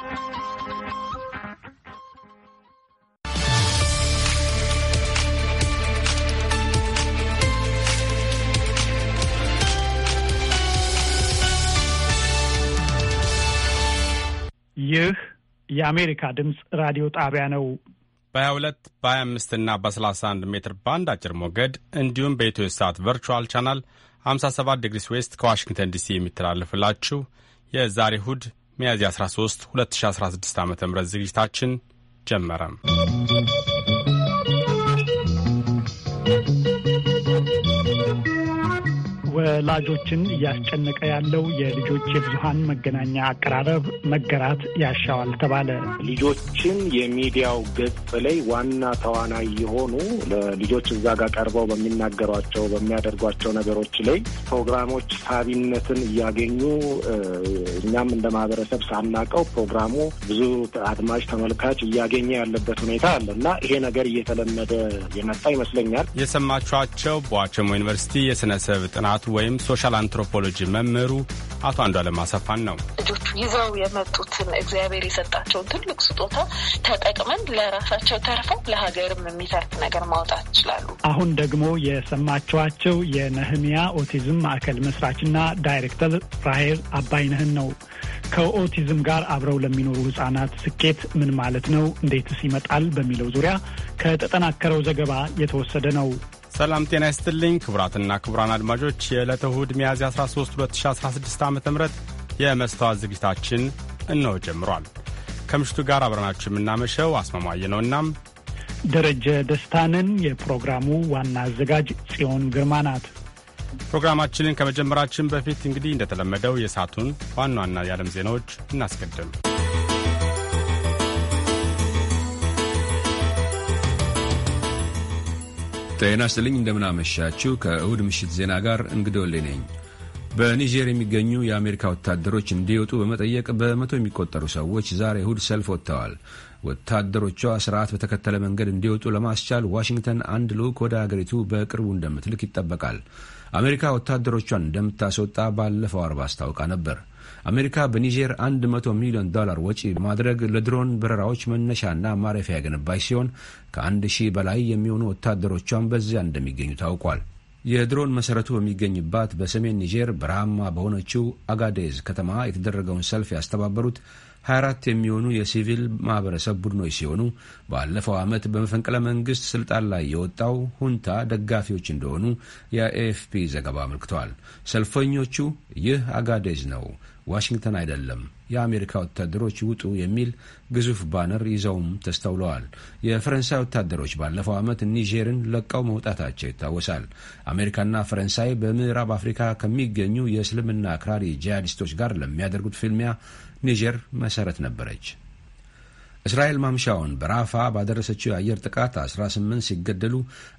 ይህ የአሜሪካ ድምፅ ራዲዮ ጣቢያ ነው። በ22 በ25 እና በ31 ሜትር ባንድ አጭር ሞገድ እንዲሁም በኢትዮ ሰዓት ቨርቹዋል ቻናል 57 ዲግሪስ ዌስት ከዋሽንግተን ዲሲ የሚተላለፍላችሁ የዛሬ እሁድ ሚያዝያ 13 2016 ዓ ም ዝግጅታችን ጀመረም። ወላጆችን እያስጨነቀ ያለው የልጆች የብዙሀን መገናኛ አቀራረብ መገራት ያሻዋል ተባለ። ልጆችን የሚዲያው ገጽ ላይ ዋና ተዋናይ የሆኑ ልጆች እዛ ጋር ቀርበው በሚናገሯቸው በሚያደርጓቸው ነገሮች ላይ ፕሮግራሞች ሳቢነትን እያገኙ እኛም እንደ ማህበረሰብ ሳናቀው ፕሮግራሙ ብዙ አድማጭ ተመልካች እያገኘ ያለበት ሁኔታ አለ እና ይሄ ነገር እየተለመደ የመጣ ይመስለኛል። የሰማችኋቸው በዋቸሞ ዩኒቨርሲቲ የስነሰብ ጥናት ጥናቱ ወይም ሶሻል አንትሮፖሎጂ መምህሩ አቶ አንዷለም አሰፋን ነው። ልጆቹ ይዘው የመጡትን እግዚአብሔር የሰጣቸውን ትልቅ ስጦታ ተጠቅመን ለራሳቸው ተርፈው ለሀገርም የሚተርፍ ነገር ማውጣት ይችላሉ። አሁን ደግሞ የሰማችኋቸው የነህሚያ ኦቲዝም ማዕከል መስራችና ዳይሬክተር ራሄል አባይነህን ነው። ከኦቲዝም ጋር አብረው ለሚኖሩ ህጻናት ስኬት ምን ማለት ነው፣ እንዴትስ ይመጣል በሚለው ዙሪያ ከተጠናከረው ዘገባ የተወሰደ ነው። ሰላም ጤና ይስጥልኝ ክቡራትና ክቡራን አድማጮች የዕለተ እሁድ ሚያዝያ 13 2016 ዓ ም የመስተዋት ዝግጅታችን እነሆ ጀምሯል። ከምሽቱ ጋር አብረናችሁ የምናመሸው አስማማየ ነው። ደረጀ ደስታንን የፕሮግራሙ ዋና አዘጋጅ ጽዮን ግርማ ናት። ፕሮግራማችንን ከመጀመራችን በፊት እንግዲህ እንደተለመደው የሰዓቱን ዋና ዋና የዓለም ዜናዎች እናስቀድም። ጤና ይስጥልኝ እንደምናመሻችሁ። ከእሁድ ምሽት ዜና ጋር እንግዶልኝ ነኝ። በኒጀር የሚገኙ የአሜሪካ ወታደሮች እንዲወጡ በመጠየቅ በመቶ የሚቆጠሩ ሰዎች ዛሬ እሁድ ሰልፍ ወጥተዋል። ወታደሮቿ ስርዓት በተከተለ መንገድ እንዲወጡ ለማስቻል ዋሽንግተን አንድ ልዑክ ወደ አገሪቱ በቅርቡ እንደምትልክ ይጠበቃል። አሜሪካ ወታደሮቿን እንደምታስወጣ ባለፈው አርባ አስታውቃ ነበር። አሜሪካ በኒጀር 100 ሚሊዮን ዶላር ወጪ ማድረግ ለድሮን በረራዎች መነሻና ማረፊያ ያገነባች ሲሆን ከአንድ ሺህ በላይ የሚሆኑ ወታደሮቿን በዚያ እንደሚገኙ ታውቋል። የድሮን መሰረቱ በሚገኝባት በሰሜን ኒጀር በረሃማ በሆነችው አጋዴዝ ከተማ የተደረገውን ሰልፍ ያስተባበሩት 24 የሚሆኑ የሲቪል ማህበረሰብ ቡድኖች ሲሆኑ ባለፈው ዓመት በመፈንቅለ መንግስት ስልጣን ላይ የወጣው ሁንታ ደጋፊዎች እንደሆኑ የኤኤፍፒ ዘገባ አመልክተዋል። ሰልፈኞቹ ይህ አጋዴዝ ነው፣ ዋሽንግተን አይደለም የአሜሪካ ወታደሮች ውጡ የሚል ግዙፍ ባነር ይዘውም ተስተውለዋል። የፈረንሳይ ወታደሮች ባለፈው ዓመት ኒጀርን ለቀው መውጣታቸው ይታወሳል። አሜሪካና ፈረንሳይ በምዕራብ አፍሪካ ከሚገኙ የእስልምና አክራሪ ጂሃዲስቶች ጋር ለሚያደርጉት ፍልሚያ ኒጀር መሰረት ነበረች። እስራኤል ማምሻውን በራፋ ባደረሰችው የአየር ጥቃት 18 ሲገደሉ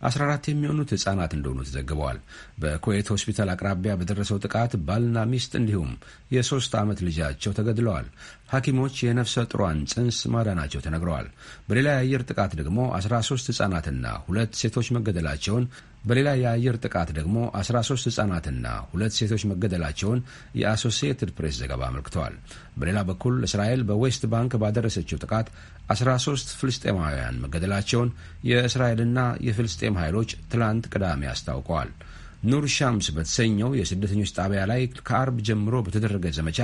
14 የሚሆኑት ሕጻናት እንደሆኑ ተዘግበዋል። በኩዌት ሆስፒታል አቅራቢያ በደረሰው ጥቃት ባልና ሚስት እንዲሁም የሶስት ዓመት ልጃቸው ተገድለዋል። ሐኪሞች የነፍሰ ጥሯን ጽንስ ማዳናቸው ተነግረዋል። በሌላ የአየር ጥቃት ደግሞ 13 ሕጻናትና ሁለት ሴቶች መገደላቸውን በሌላ የአየር ጥቃት ደግሞ 13 ሕጻናትና ሁለት ሴቶች መገደላቸውን የአሶሲየትድ ፕሬስ ዘገባ አመልክተዋል። በሌላ በኩል እስራኤል በዌስት ባንክ ባደረሰችው ጥቃት 13 ፍልስጤማውያን መገደላቸውን የእስራኤልና የፍልስጤም ኃይሎች ትላንት ቅዳሜ አስታውቀዋል። ኑር ሻምስ በተሰኘው የስደተኞች ጣቢያ ላይ ከአርብ ጀምሮ በተደረገ ዘመቻ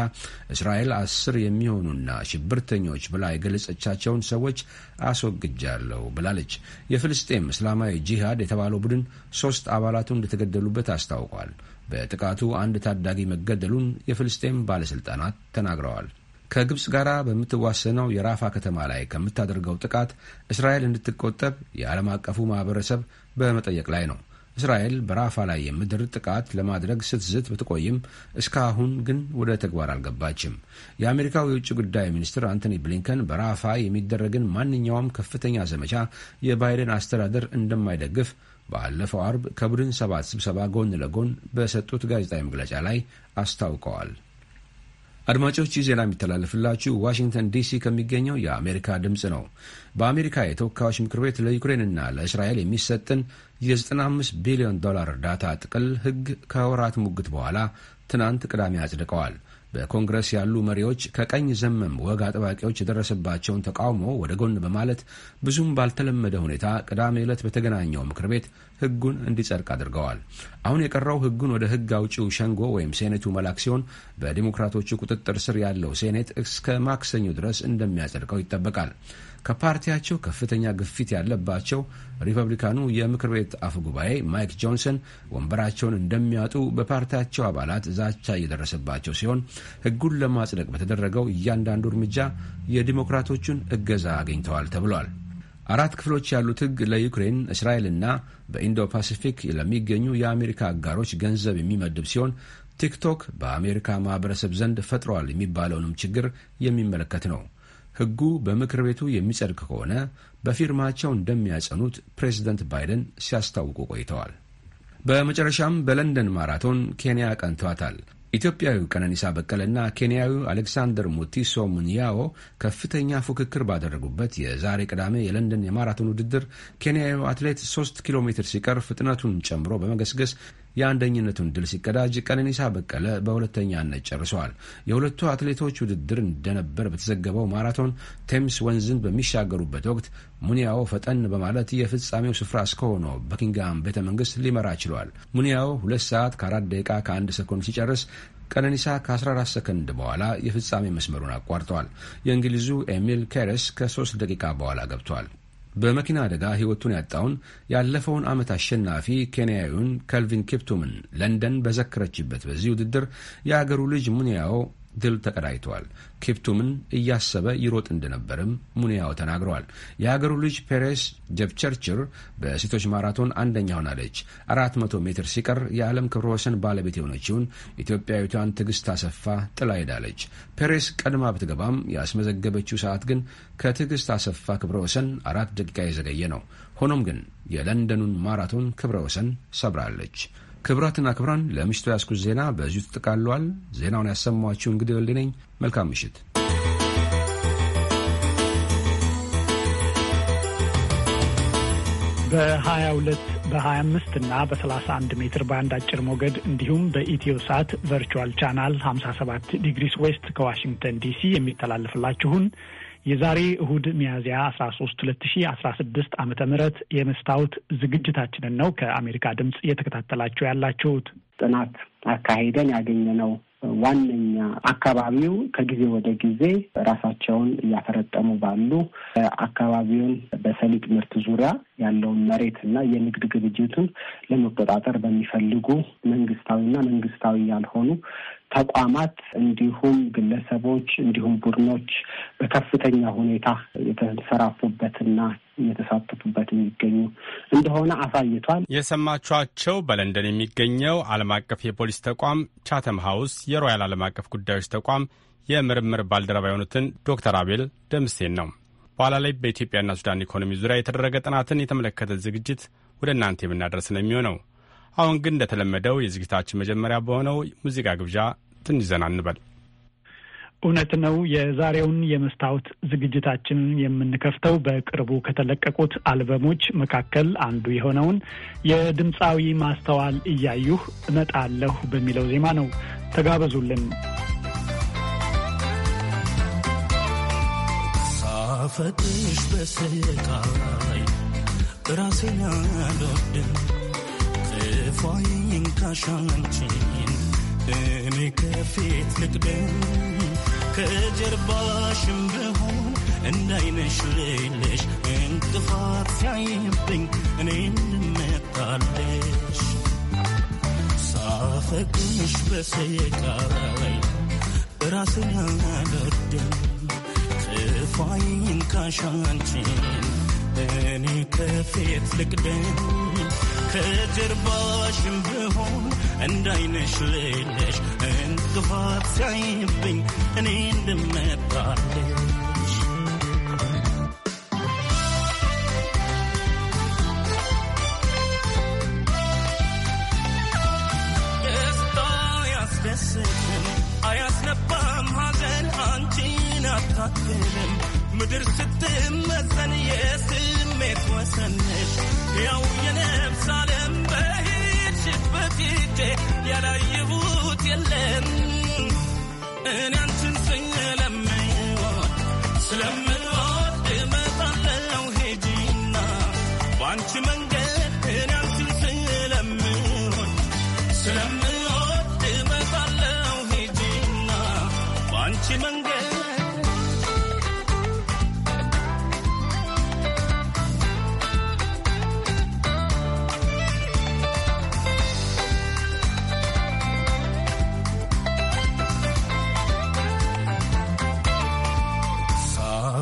እስራኤል አስር የሚሆኑና ሽብርተኞች ብላ የገለጸቻቸውን ሰዎች አስወግጃለሁ ብላለች። የፍልስጤም እስላማዊ ጂሃድ የተባለው ቡድን ሶስት አባላቱ እንደተገደሉበት አስታውቋል። በጥቃቱ አንድ ታዳጊ መገደሉን የፍልስጤም ባለሥልጣናት ተናግረዋል። ከግብፅ ጋር በምትዋሰነው የራፋ ከተማ ላይ ከምታደርገው ጥቃት እስራኤል እንድትቆጠብ የዓለም አቀፉ ማኅበረሰብ በመጠየቅ ላይ ነው። እስራኤል በራፋ ላይ የምድር ጥቃት ለማድረግ ስትዝት ብትቆይም እስካሁን ግን ወደ ተግባር አልገባችም። የአሜሪካው የውጭ ጉዳይ ሚኒስትር አንቶኒ ብሊንከን በራፋ የሚደረግን ማንኛውም ከፍተኛ ዘመቻ የባይደን አስተዳደር እንደማይደግፍ ባለፈው አርብ ከቡድን ሰባት ስብሰባ ጎን ለጎን በሰጡት ጋዜጣዊ መግለጫ ላይ አስታውቀዋል። አድማጮች ይህ ዜና የሚተላለፍላችሁ ዋሽንግተን ዲሲ ከሚገኘው የአሜሪካ ድምፅ ነው። በአሜሪካ የተወካዮች ምክር ቤት ለዩክሬንና ለእስራኤል የሚሰጥን የ95 ቢሊዮን ዶላር እርዳታ ጥቅል ሕግ ከወራት ሙግት በኋላ ትናንት ቅዳሜ አጽድቀዋል። በኮንግረስ ያሉ መሪዎች ከቀኝ ዘመም ወግ አጥባቂዎች የደረሰባቸውን ተቃውሞ ወደ ጎን በማለት ብዙም ባልተለመደ ሁኔታ ቅዳሜ ዕለት በተገናኘው ምክር ቤት ሕጉን እንዲጸድቅ አድርገዋል። አሁን የቀረው ሕጉን ወደ ሕግ አውጪው ሸንጎ ወይም ሴኔቱ መላክ ሲሆን በዲሞክራቶቹ ቁጥጥር ስር ያለው ሴኔት እስከ ማክሰኞ ድረስ እንደሚያጸድቀው ይጠበቃል። ከፓርቲያቸው ከፍተኛ ግፊት ያለባቸው ሪፐብሊካኑ የምክር ቤት አፈ ጉባኤ ማይክ ጆንሰን ወንበራቸውን እንደሚያጡ በፓርቲያቸው አባላት ዛቻ እየደረሰባቸው ሲሆን ሕጉን ለማጽደቅ በተደረገው እያንዳንዱ እርምጃ የዲሞክራቶቹን እገዛ አግኝተዋል ተብሏል። አራት ክፍሎች ያሉት ሕግ ለዩክሬን እስራኤልና በኢንዶ ፓሲፊክ ለሚገኙ የአሜሪካ አጋሮች ገንዘብ የሚመድብ ሲሆን ቲክቶክ በአሜሪካ ማህበረሰብ ዘንድ ፈጥሯል የሚባለውንም ችግር የሚመለከት ነው። ሕጉ በምክር ቤቱ የሚጸድቅ ከሆነ በፊርማቸው እንደሚያጸኑት ፕሬዚደንት ባይደን ሲያስታውቁ ቆይተዋል። በመጨረሻም በለንደን ማራቶን ኬንያ ቀንቷታል። ኢትዮጵያዊው ቀነኒሳ በቀለና ኬንያዊው አሌክሳንደር ሙቲሶ ሙንያዎ ከፍተኛ ፉክክር ባደረጉበት የዛሬ ቅዳሜ የለንደን የማራቶን ውድድር ኬንያዊው አትሌት 3 ኪሎ ሜትር ሲቀር ፍጥነቱን ጨምሮ በመገስገስ የአንደኝነቱን ድል ሲቀዳጅ ቀነኒሳ በቀለ በሁለተኛነት ጨርሷል። የሁለቱ አትሌቶች ውድድር እንደነበር በተዘገበው ማራቶን ቴምስ ወንዝን በሚሻገሩበት ወቅት ሙኒያው ፈጠን በማለት የፍጻሜው ስፍራ እስከሆነ በኪንግሃም ቤተ መንግስት ሊመራ ችሏል። ሙኒያው ሁለት ሰዓት ከአራት ደቂቃ ከአንድ ሰኮንድ ሲጨርስ ቀነኒሳ ከ14 ሰከንድ በኋላ የፍጻሜ መስመሩን አቋርጠዋል። የእንግሊዙ ኤሚል ኬረስ ከ3 ደቂቃ በኋላ ገብቷል። በመኪና አደጋ ሕይወቱን ያጣውን ያለፈውን ዓመት አሸናፊ ኬንያዊውን ከልቪን ኪፕቱምን ለንደን በዘከረችበት በዚህ ውድድር የአገሩ ልጅ ሙኒያው ድል ተቀዳጅተዋል። ኬፕቱምን እያሰበ ይሮጥ እንደነበርም ሙኒያው ተናግረዋል። የአገሩ ልጅ ፔሬስ ጀፕቸርችር በሴቶች ማራቶን አንደኛ ሆናለች። 400 ሜትር ሲቀር የዓለም ክብረ ወሰን ባለቤት የሆነችውን ኢትዮጵያዊቷን ትዕግስት አሰፋ ጥላ ሄዳለች። ፔሬስ ቀድማ ብትገባም ያስመዘገበችው ሰዓት ግን ከትዕግስት አሰፋ ክብረ ወሰን አራት ደቂቃ የዘገየ ነው። ሆኖም ግን የለንደኑን ማራቶን ክብረ ወሰን ሰብራለች። ክብራትና ክብራን ለምሽቱ ያስኩት ዜና በዚሁ ተጠቃሏል። ዜናውን ያሰማኋችሁ እንግዲህ ወልድ ነኝ። መልካም ምሽት። በ22 በ25 እና በ31 ሜትር ባንድ አጭር ሞገድ እንዲሁም በኢትዮ ሳት ቨርቹዋል ቻናል 57 ዲግሪስ ዌስት ከዋሽንግተን ዲሲ የሚተላለፍላችሁን የዛሬ እሁድ ሚያዝያ 13 2016 ዓመተ ምህረት የመስታወት ዝግጅታችንን ነው ከአሜሪካ ድምፅ እየተከታተላችሁ ያላችሁት። ጥናት አካሂደን ነው ዋነኛ አካባቢው ከጊዜ ወደ ጊዜ ራሳቸውን እያፈረጠሙ ባሉ አካባቢውን በሰሊጥ ምርት ዙሪያ ያለውን መሬት እና የንግድ ግብጅቱን ለመቆጣጠር በሚፈልጉ መንግስታዊና መንግስታዊ ያልሆኑ ተቋማት እንዲሁም ግለሰቦች እንዲሁም ቡድኖች በከፍተኛ ሁኔታ የተንሰራፉበትና እየተሳተፉበት የሚገኙ እንደሆነ አሳይቷል። የሰማችኋቸው በለንደን የሚገኘው ዓለም አቀፍ የፖሊስ ተቋም ቻተም ሀውስ የሮያል ዓለም አቀፍ ጉዳዮች ተቋም የምርምር ባልደረባ የሆኑትን ዶክተር አቤል ደምሴን ነው። በኋላ ላይ በኢትዮጵያና ሱዳን ኢኮኖሚ ዙሪያ የተደረገ ጥናትን የተመለከተ ዝግጅት ወደ እናንተ የምናደርስ ነው የሚሆነው። አሁን ግን እንደተለመደው የዝግጅታችን መጀመሪያ በሆነው ሙዚቃ ግብዣ ትን ይዘና እንበል። እውነት ነው። የዛሬውን የመስታወት ዝግጅታችንን የምንከፍተው በቅርቡ ከተለቀቁት አልበሞች መካከል አንዱ የሆነውን የድምፃዊ ማስተዋል እያዩህ እመጣለሁ በሚለው ዜማ ነው። ተጋበዙልን። ሳፈጥሽ በስቃይ ራሴን አልወድም አፏዬን ታሻንቺ እኔ ከፊት ልቅደም ከጀርባሽም ብሆን እንዳይነሽ ሌለሽ እንቅፋት ሲያይብኝ እኔ እንመጣለሽ ሳፈቅሽ በሰየቃራይ ራስን አልወድም ክፋዬን ካሻንቺ እኔ ከፊት ልቅደም ከጀርባሽም ብሆን እንዳይነሽ ልለሽ እንቅፋት ሲያይብኝ እኔ እንድመጣለሽ Yes, የምትወሰንሽ ያው የነፍስ ዓለም በሄድሽበት ሄጄ ያላየሁት የለም እኔ አንቺን ስለምወድ ስለምወድ እመጣለሁ ሄጂና በአንቺ መንገድ እኔ አንቺን ስለምወድ ስለምወድ እመጣለሁ ሄጂና በአንቺ መንገድ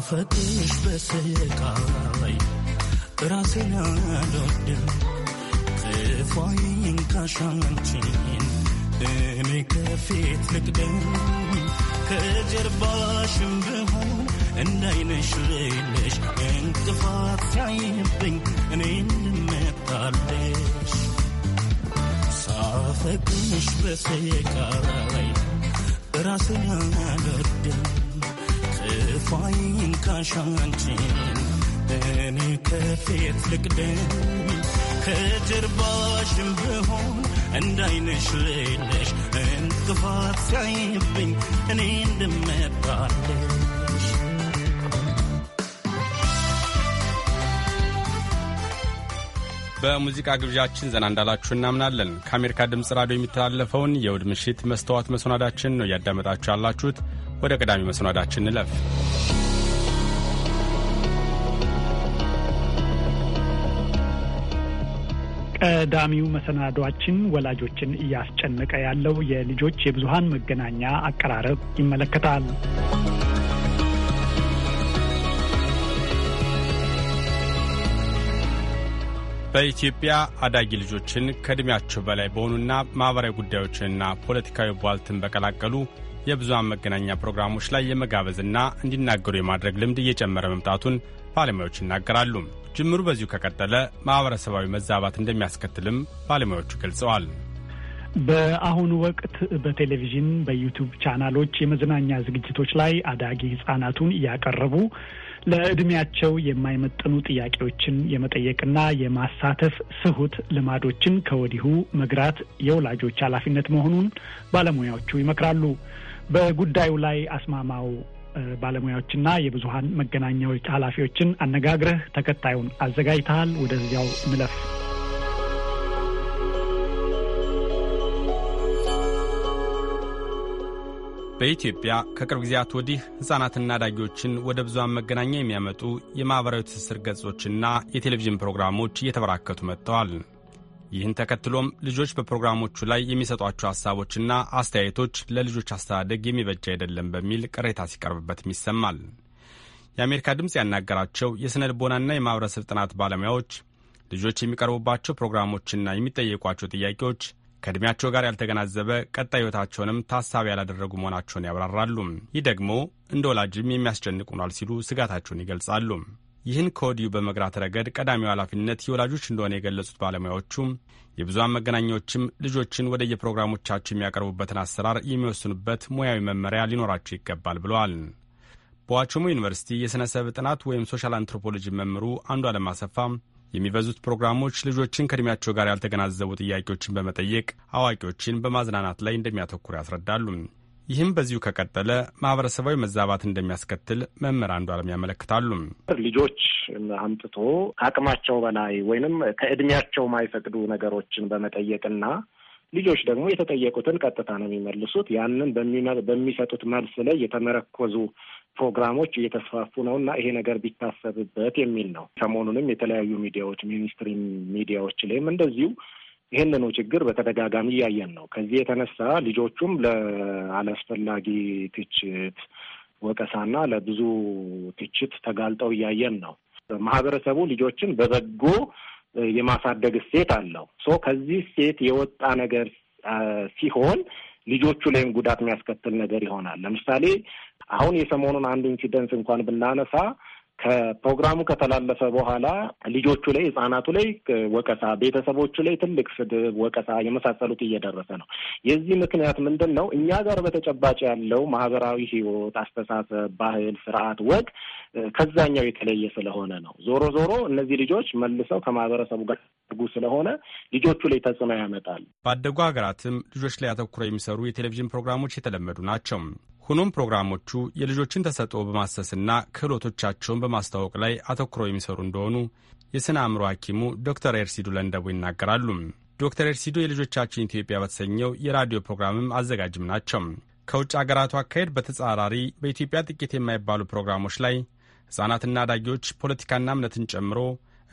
ሳፈቅሽ በስቃይ ራሴን አልወድም ክፋዬን ካሻንቺን እኔ ከፊት ልቅደም ከጀርባሽም ብሆን እንዳይነሽ ሌለሽ እንቅፋት ሲያይብኝ እኔ እንድመጣለሽ ሳፈቅሽ በስቃይ ራሴን አልወድም ፋይን ካሻንቺ እኔ ከፊት ልቅደም ከጀርባሽም ብሆን እንዳይነሽ ሌለሽ እንቅፋት ሲያይብኝ እኔ እንደመጣለሽ በሙዚቃ ግብዣችን ዘና እንዳላችሁ እናምናለን። ከአሜሪካ ድምፅ ራዲዮ የሚተላለፈውን የእሁድ ምሽት መስተዋት መሰናዳችን ነው እያዳመጣችሁ ያላችሁት። ወደ ቀዳሚ መሰናዳችን እንለፍ። ቀዳሚው መሰናዷችን ወላጆችን እያስጨነቀ ያለው የልጆች የብዙሃን መገናኛ አቀራረብ ይመለከታል። በኢትዮጵያ አዳጊ ልጆችን ከዕድሜያቸው በላይ በሆኑና ማኅበራዊ ጉዳዮችንና ፖለቲካዊ ቧልትን በቀላቀሉ የብዙሃን መገናኛ ፕሮግራሞች ላይ የመጋበዝና እንዲናገሩ የማድረግ ልምድ እየጨመረ መምጣቱን ባለሙያዎች ይናገራሉ። ጅምሩ በዚሁ ከቀጠለ ማኅበረሰባዊ መዛባት እንደሚያስከትልም ባለሙያዎቹ ገልጸዋል። በአሁኑ ወቅት በቴሌቪዥን በዩቱብ ቻናሎች የመዝናኛ ዝግጅቶች ላይ አዳጊ ህጻናቱን እያቀረቡ ለዕድሜያቸው የማይመጥኑ ጥያቄዎችን የመጠየቅና የማሳተፍ ስሁት ልማዶችን ከወዲሁ መግራት የወላጆች ኃላፊነት መሆኑን ባለሙያዎቹ ይመክራሉ። በጉዳዩ ላይ አስማማው ባለሙያዎችና የብዙሀን መገናኛዎች ኃላፊዎችን አነጋግረህ ተከታዩን አዘጋጅተሃል። ወደዚያው ምለፍ። በኢትዮጵያ ከቅርብ ጊዜያት ወዲህ ሕፃናትና አዳጊዎችን ወደ ብዙሃን መገናኛ የሚያመጡ የማኅበራዊ ትስስር ገጾችና የቴሌቪዥን ፕሮግራሞች እየተበራከቱ መጥተዋል። ይህን ተከትሎም ልጆች በፕሮግራሞቹ ላይ የሚሰጧቸው ሀሳቦችና አስተያየቶች ለልጆች አስተዳደግ የሚበጃ አይደለም በሚል ቅሬታ ሲቀርብበትም ይሰማል። የአሜሪካ ድምፅ ያናገራቸው የሥነ ልቦናና የማኅበረሰብ ጥናት ባለሙያዎች ልጆች የሚቀርቡባቸው ፕሮግራሞችና የሚጠየቋቸው ጥያቄዎች ከዕድሜያቸው ጋር ያልተገናዘበ ቀጣይ ሕይወታቸውንም ታሳቢ ያላደረጉ መሆናቸውን ያብራራሉ። ይህ ደግሞ እንደ ወላጅም የሚያስጨንቁኗል ሲሉ ስጋታቸውን ይገልጻሉ። ይህን ከወዲሁ በመግራት ረገድ ቀዳሚው ኃላፊነት የወላጆች እንደሆነ የገለጹት ባለሙያዎቹም የብዙሃን መገናኛዎችም ልጆችን ወደ የፕሮግራሞቻቸው የሚያቀርቡበትን አሰራር የሚወስኑበት ሙያዊ መመሪያ ሊኖራቸው ይገባል ብለዋል። በዋቸሞ ዩኒቨርሲቲ የሥነ ሰብ ጥናት ወይም ሶሻል አንትሮፖሎጂ መምህሩ አንዱ አሰፋ የሚበዙት ፕሮግራሞች ልጆችን ከእድሜያቸው ጋር ያልተገናዘቡ ጥያቄዎችን በመጠየቅ አዋቂዎችን በማዝናናት ላይ እንደሚያተኩር ያስረዳሉ። ይህም በዚሁ ከቀጠለ ማህበረሰባዊ መዛባት እንደሚያስከትል መምህር አንዱ አለም ያመለክታሉ። ልጆች አምጥቶ ከአቅማቸው በላይ ወይንም ከእድሜያቸው ማይፈቅዱ ነገሮችን በመጠየቅና ልጆች ደግሞ የተጠየቁትን ቀጥታ ነው የሚመልሱት። ያንን በሚሰጡት መልስ ላይ የተመረኮዙ ፕሮግራሞች እየተስፋፉ ነው እና ይሄ ነገር ቢታሰብበት የሚል ነው። ሰሞኑንም የተለያዩ ሚዲያዎች ሚኒስትሪ ሚዲያዎች ላይም እንደዚሁ ይህንኑ ችግር በተደጋጋሚ እያየን ነው። ከዚህ የተነሳ ልጆቹም ለአላስፈላጊ ትችት ወቀሳና ለብዙ ትችት ተጋልጠው እያየን ነው። ማህበረሰቡ ልጆችን በበጎ የማሳደግ እሴት አለው። ሶ ከዚህ እሴት የወጣ ነገር ሲሆን ልጆቹ ላይም ጉዳት የሚያስከትል ነገር ይሆናል። ለምሳሌ አሁን የሰሞኑን አንድ ኢንሲደንስ እንኳን ብናነሳ ከፕሮግራሙ ከተላለፈ በኋላ ልጆቹ ላይ ህጻናቱ ላይ ወቀሳ፣ ቤተሰቦቹ ላይ ትልቅ ስድብ፣ ወቀሳ የመሳሰሉት እየደረሰ ነው። የዚህ ምክንያት ምንድን ነው? እኛ ጋር በተጨባጭ ያለው ማህበራዊ ህይወት፣ አስተሳሰብ፣ ባህል፣ ስርዓት፣ ወግ ከዛኛው የተለየ ስለሆነ ነው። ዞሮ ዞሮ እነዚህ ልጆች መልሰው ከማህበረሰቡ ጋር ጉ ስለሆነ ልጆቹ ላይ ተጽዕኖ ያመጣል። ባደጉ ሀገራትም ልጆች ላይ አተኩረው የሚሰሩ የቴሌቪዥን ፕሮግራሞች የተለመዱ ናቸው። ሆኖም ፕሮግራሞቹ የልጆችን ተሰጥኦ በማሰስና ክህሎቶቻቸውን በማስተዋወቅ ላይ አተኩረው የሚሰሩ እንደሆኑ የሥነ አእምሮ ሐኪሙ ዶክተር ኤርሲዱ ለንደቡ ይናገራሉ። ዶክተር ኤርሲዱ የልጆቻችን ኢትዮጵያ በተሰኘው የራዲዮ ፕሮግራምም አዘጋጅም ናቸው። ከውጭ አገራቱ አካሄድ በተጻራሪ በኢትዮጵያ ጥቂት የማይባሉ ፕሮግራሞች ላይ ሕፃናትና አዳጊዎች ፖለቲካና እምነትን ጨምሮ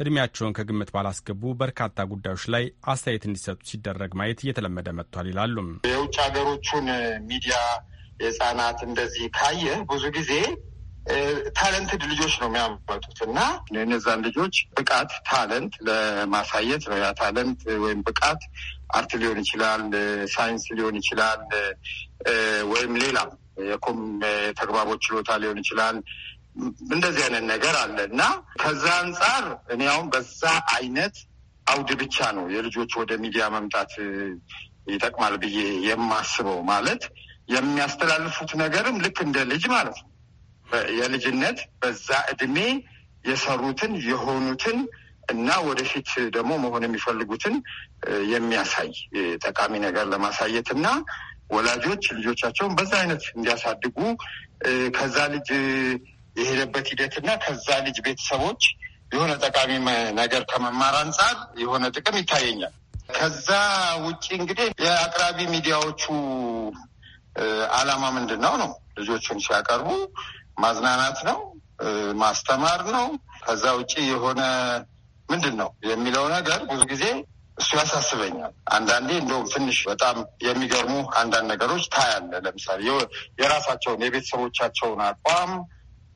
ዕድሜያቸውን ከግምት ባላስገቡ በርካታ ጉዳዮች ላይ አስተያየት እንዲሰጡ ሲደረግ ማየት እየተለመደ መጥቷል ይላሉም። የውጭ ሀገሮቹን ሚዲያ የህፃናት እንደዚህ ካየ ብዙ ጊዜ ታለንትድ ልጆች ነው የሚያመጡት እና እነዛን ልጆች ብቃት ታለንት ለማሳየት ነው ያ ታለንት ወይም ብቃት አርት ሊሆን ይችላል፣ ሳይንስ ሊሆን ይችላል፣ ወይም ሌላ የኮም ተግባቦች ችሎታ ሊሆን ይችላል። እንደዚህ አይነት ነገር አለ እና ከዛ አንጻር እኔ አሁን በዛ አይነት አውድ ብቻ ነው የልጆች ወደ ሚዲያ መምጣት ይጠቅማል ብዬ የማስበው ማለት የሚያስተላልፉት ነገርም ልክ እንደ ልጅ ማለት ነው። የልጅነት በዛ እድሜ የሰሩትን የሆኑትን እና ወደፊት ደግሞ መሆን የሚፈልጉትን የሚያሳይ ጠቃሚ ነገር ለማሳየት እና ወላጆች ልጆቻቸውን በዛ አይነት እንዲያሳድጉ ከዛ ልጅ የሄደበት ሂደት እና ከዛ ልጅ ቤተሰቦች የሆነ ጠቃሚ ነገር ከመማር አንጻር የሆነ ጥቅም ይታየኛል። ከዛ ውጪ እንግዲህ የአቅራቢ ሚዲያዎቹ አላማ ምንድን ነው ነው ልጆቹን ሲያቀርቡ ማዝናናት ነው ማስተማር ነው ከዛ ውጪ የሆነ ምንድን ነው የሚለው ነገር ብዙ ጊዜ እሱ ያሳስበኛል። አንዳንዴ እንደውም ትንሽ በጣም የሚገርሙ አንዳንድ ነገሮች ታያለ። ለምሳሌ የራሳቸውን የቤተሰቦቻቸውን አቋም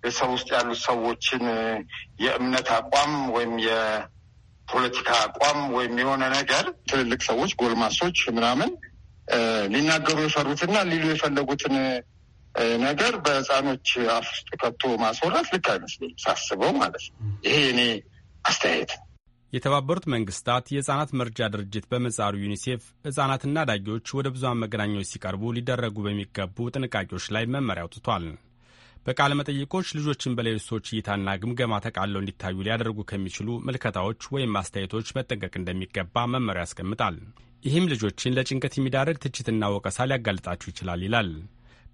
ቤተሰብ ውስጥ ያሉት ሰዎችን የእምነት አቋም ወይም የፖለቲካ አቋም ወይም የሆነ ነገር ትልልቅ ሰዎች ጎልማሶች ምናምን ሊናገሩ የፈሩትና ሊሉ የፈለጉትን ነገር በህፃኖች አፍ ውስጥ ከቶ ማስወራት ልክ አይመስለኝ ሳስበው ማለት ነው። ይሄ የኔ አስተያየት። የተባበሩት መንግስታት የህፃናት መርጃ ድርጅት በመጻሩ ዩኒሴፍ ህጻናትና አዳጊዎች ወደ ብዙሃን መገናኛዎች ሲቀርቡ ሊደረጉ በሚገቡ ጥንቃቄዎች ላይ መመሪያ አውጥቷል። በቃለ መጠይቆች ልጆችን በሌሎች ሰዎች እይታና ግምገማ ተቃለው እንዲታዩ ሊያደርጉ ከሚችሉ ምልከታዎች ወይም አስተያየቶች መጠንቀቅ እንደሚገባ መመሪያ ያስቀምጣል። ይህም ልጆችን ለጭንቀት የሚዳረግ ትችትና ወቀሳ ሊያጋልጣችሁ ይችላል ይላል።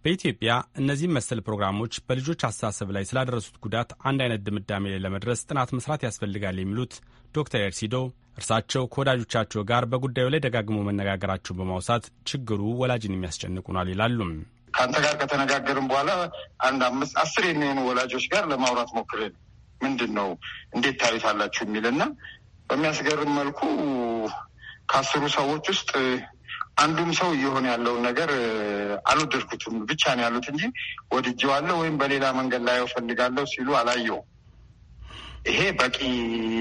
በኢትዮጵያ እነዚህም መሰል ፕሮግራሞች በልጆች አስተሳሰብ ላይ ስላደረሱት ጉዳት አንድ አይነት ድምዳሜ ላይ ለመድረስ ጥናት መስራት ያስፈልጋል የሚሉት ዶክተር ኤርሲዶ እርሳቸው ከወዳጆቻቸው ጋር በጉዳዩ ላይ ደጋግሞ መነጋገራቸውን በማውሳት ችግሩ ወላጅን የሚያስጨንቁናል ይላሉም። ከአንተ ጋር ከተነጋገርም በኋላ አንድ አምስት አስር የሚሆኑ ወላጆች ጋር ለማውራት ሞክሬ ምንድን ነው እንዴት ታዩታላችሁ የሚልና በሚያስገርም መልኩ ከአስሩ ሰዎች ውስጥ አንዱም ሰው እየሆነ ያለውን ነገር አልወደድኩትም ብቻ ነው ያሉት እንጂ ወድጄዋለሁ ወይም በሌላ መንገድ ላይ ፈልጋለሁ ሲሉ አላየውም። ይሄ በቂ